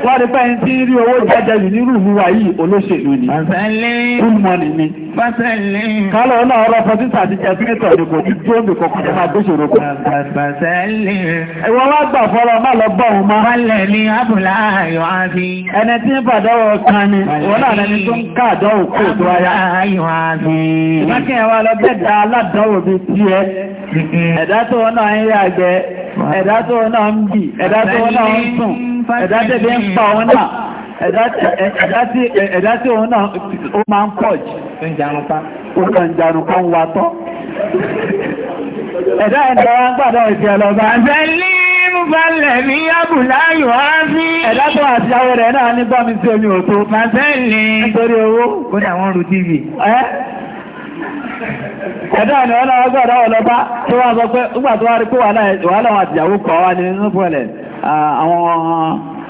Wọ́n rí pé ẹni tí ń rí owó jẹ́jẹ́ yìí nírú ìlú wa yìí olóṣèlú ni. Pàtẹ́lì. Kúlùmọ́ni ni. Pàtẹ́lì. Kálọ̀ náà ọ̀rọ̀ pọtísà àti ẹ̀fínẹ́tọ̀ ni kò ní jó mi kọkàn jẹ́ máa gbéṣòro kan. Ìwọ wá gbà fọ́lọ́ má lọ bọ̀ òun Wálẹ̀ ni Abùlá Ayọ̀ Ẹni tí ń bàdọ́wọ̀ kan ni, òun náà lẹni tó ń ká àdánwò kó tó aya. Ayọ̀ Abi ẹ̀dá tí òun náà ó máa ń pọ̀ jù ó kàn jànù kan wà tọ́ ẹ̀dá ẹ̀dá wá ń gbàdọ̀ ìfẹ́ ọlọ́ba ẹ̀lẹ́ Mùbálẹ̀ ní Abùlá Yòhá fi. Ẹ̀dá tó àti àwọn rẹ̀ ní gbọ́mi ẹ̀dá ni wọ́n náà gbọ́dọ̀ ọlọ́bá tó wá sọ pé ó gbà tó wá rí pé wà náà wà láwọn àtìyàwó pọ̀ wá ní nínú fún ẹ̀lẹ̀ àwọn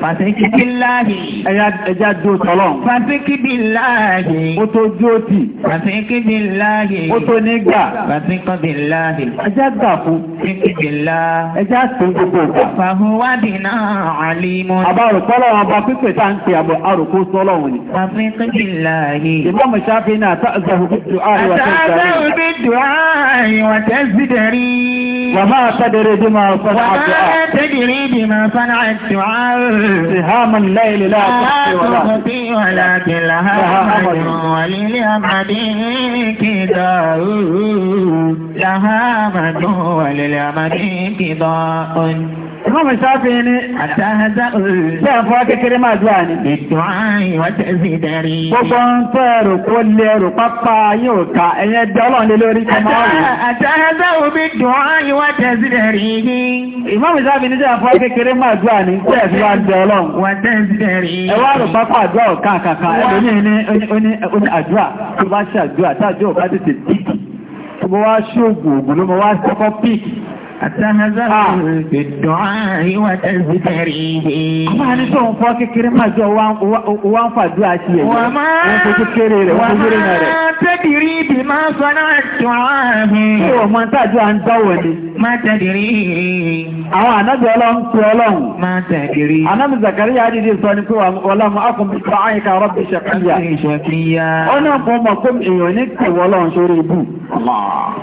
Fàṣíkí bí láàáyì. Ẹja dúó tọ́lọ̀. Fàṣíkí bí láàáyì. Ó tó dúó tì. Fàṣíkí bí láàáyì. Ó tó nígbà. Fàṣíkí bí láàáyì. Ẹja gbà fún. Fàṣíkí bí láàáyì. Ẹja tó gbogbo ọ̀gbà. Fàhùwádì náà àlímọ́. Àbárò tọ́lọ̀ wọn Wàmá àtẹ́dẹ̀rẹ́ bí máa sọ́nà àdùá. bí máa sọ́nà àdùá. سهام الليل لا تخفي ولا لها أمد وللأمد كداء لها أمد وللأمد Imam Shafi ni àtàhàdá ṣe àfọwọ́ kékeré máa dúwà ní. Ètò ààyè wọ́n tẹ̀ sí ìdarí. Gbogbo ń tẹ́ ẹ̀rù kó lé ẹ̀rù pápá yóò ta ẹ̀yẹ dẹ́ ọlọ́run lé lórí kọmọ ọ̀rọ̀. Àtàhàdá òbí dùn ààyè wọ́n tẹ̀ sí ìdarí. Imam Shafi ni ṣe àfọwọ́ kékeré máa dúwà ní tẹ́ ẹ̀fí wá dẹ ọlọ́run. Wọ́n tẹ̀ sí ìdarí. Ẹ wá rò pápá àdúrà ọ̀ká kàkà ẹlòmí ní àdúrà tó bá ṣe Àtàhàzára ah. ìdùn àríwá tẹ́sí tẹ́rí ìgbé. Ọmọ ní tó ń fọ́ kékeré máa jọ wá ń fàdú àti ẹ̀yẹ. Wà máa tẹ́bìrí ìbì máa sọ náà tó ààrùn. Ṣé ni? Máa tẹ́bìrí. Àwọn ànábì ọlọ́run tó ọlọ́run. Máa tẹ́bìrí. Ànábì Zakariya dìde sọ ni pé ọlọ́run akùnbí sọ àyíká rọ́bì ṣẹ̀kíyà. Ó náà kò mọ̀ pé èèyàn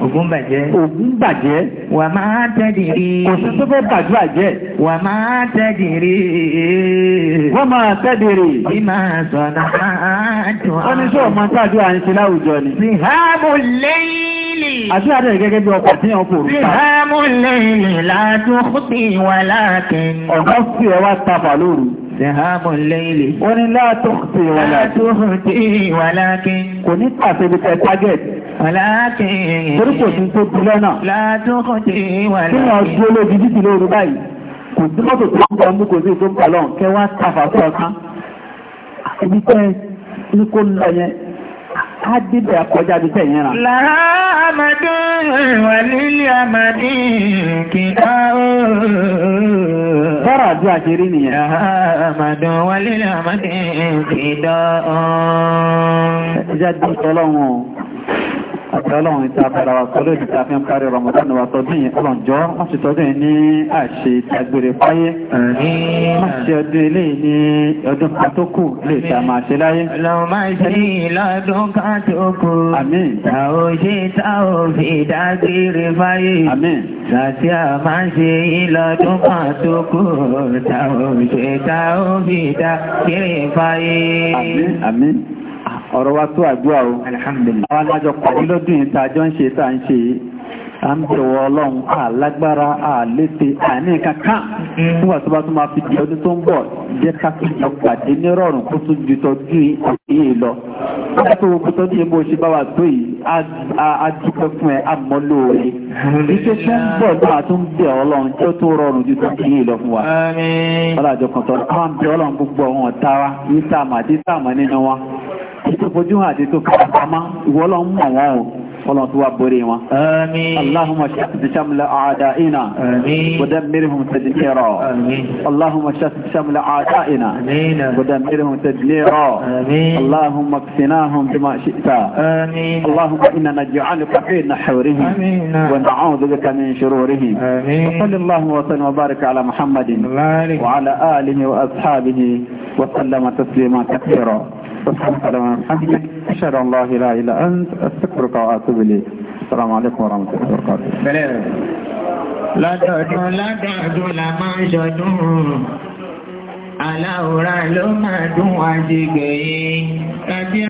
Ògún bàjẹ́. Ògún bàjẹ́. Wà máa tẹ́dì rí. Kò sí tó fẹ́ bàjú àjẹ́. Wà máa tẹ́dì rí. Wọ́n máa tẹ́dì rí. Bí máa sọ̀nà máa dùn. Wọ́n ní sọ̀rọ̀ máa tàdú láwùjọ ni. Sì há mo lẹ́yìn. Àti àdé gẹ́gẹ́ bí ọkọ̀ tí ọkọ̀ òrùka. Sì há mo lẹ́yìn láàdún kùtì wà láàkín. Ọ̀gá fi ẹ wá tapà lóru. Sẹ̀hámù lẹ́ilé. Ó ní láàtúntì wàlákin. Láàtúntì wàlákin. Kò ní pàṣẹ ibi tẹ tágẹ̀tì. Wàláàkì. Torí kò tún tó dúlọ́ náà. Látúkọ̀ tí wàlá. Kí wọ́n dúró lóbi títí lóru báyìí. Kò sí mọ́tò tó ń bọ̀ mú kò sí tó ń pàlọ́ kẹ́ wá tàfà fún ọ̀kan. Ibi tẹ́ ní kó lọ yẹn. Á débẹ̀ akọjá bí tẹ̀ yẹn rà. Amadu wà nílé Amadi kì o. Bọ́rọ̀ àdúrà ṣe nìyẹn. Làá Amadu wà nílé Amadi kì o. Ẹ jẹ́ dùn tọ́lọ́wọ̀n àti ọlọ́run tí a padà wà sọ́lọ́ ìdí fi ń parí Ramadan wa tọdún yìí ọlọ́njọ́ wọ́n ti tọdún yìí ní àṣẹ ìtagbèrè fáyé wọ́n ti ọdún ilé ní ọdún kan tó kù lè ta máa ṣe láyé. lọ́wọ́ máa ṣe ìlọ́dún kan tó kù. àmín. ta ò ọ̀rọ̀ wa tó àdúrà o alhamdulillah àwọn alájọ pàdé lọ́dún yìí tàjọ ń ṣe tà ń ṣe à ń bẹ̀wọ̀ ọlọ́run alágbára àléte àní kankan mm. nígbà tó bá tún máa fi di ọdún tó ń bọ̀ jẹ́ ká fi lọ pàdé nírọ̀rùn kó tún ju tọ́jú yìí lọ nígbà tó gbogbo tọ́jú yìí bó ṣe bá wà tó yìí á dúpẹ́ fún ẹ àmọ́ lóore iṣẹ́ tó ń bọ̀ náà tó ń bẹ̀ ọlọ́run tí ó tó rọrùn ju tọ́jú yìí lọ fún wa ọlọ́jọ́ kan tọ́ ètò fojú hàn àti ètò kàràkàmá ìwọ́lọ́ ń mọ̀ wọ́n o. فلنطوى بريمة آمين اللهم شهد شمل أعدائنا آمين ودمرهم تدميرا آمين اللهم شهد شمل أعدائنا آمين ودمرهم تدميرا آمين اللهم اكفناهم بما شئت آمين اللهم إنا نجعلك بين نحورهم آمين ونعوذ بك من شرورهم آمين وصل الله وسلم وبارك على محمد مالك. وعلى آله وأصحابه وسلم تسليما كثيرا وصلى الله على محمد أشهد أن لا إله إلا أنت أستغفرك وأتوب إليك السلام عليكم ورحمة الله وبركاته lọ́dọọdún lọ́dọọdún la máa ń ṣọdún aláwòrán ló máa dún àjígbè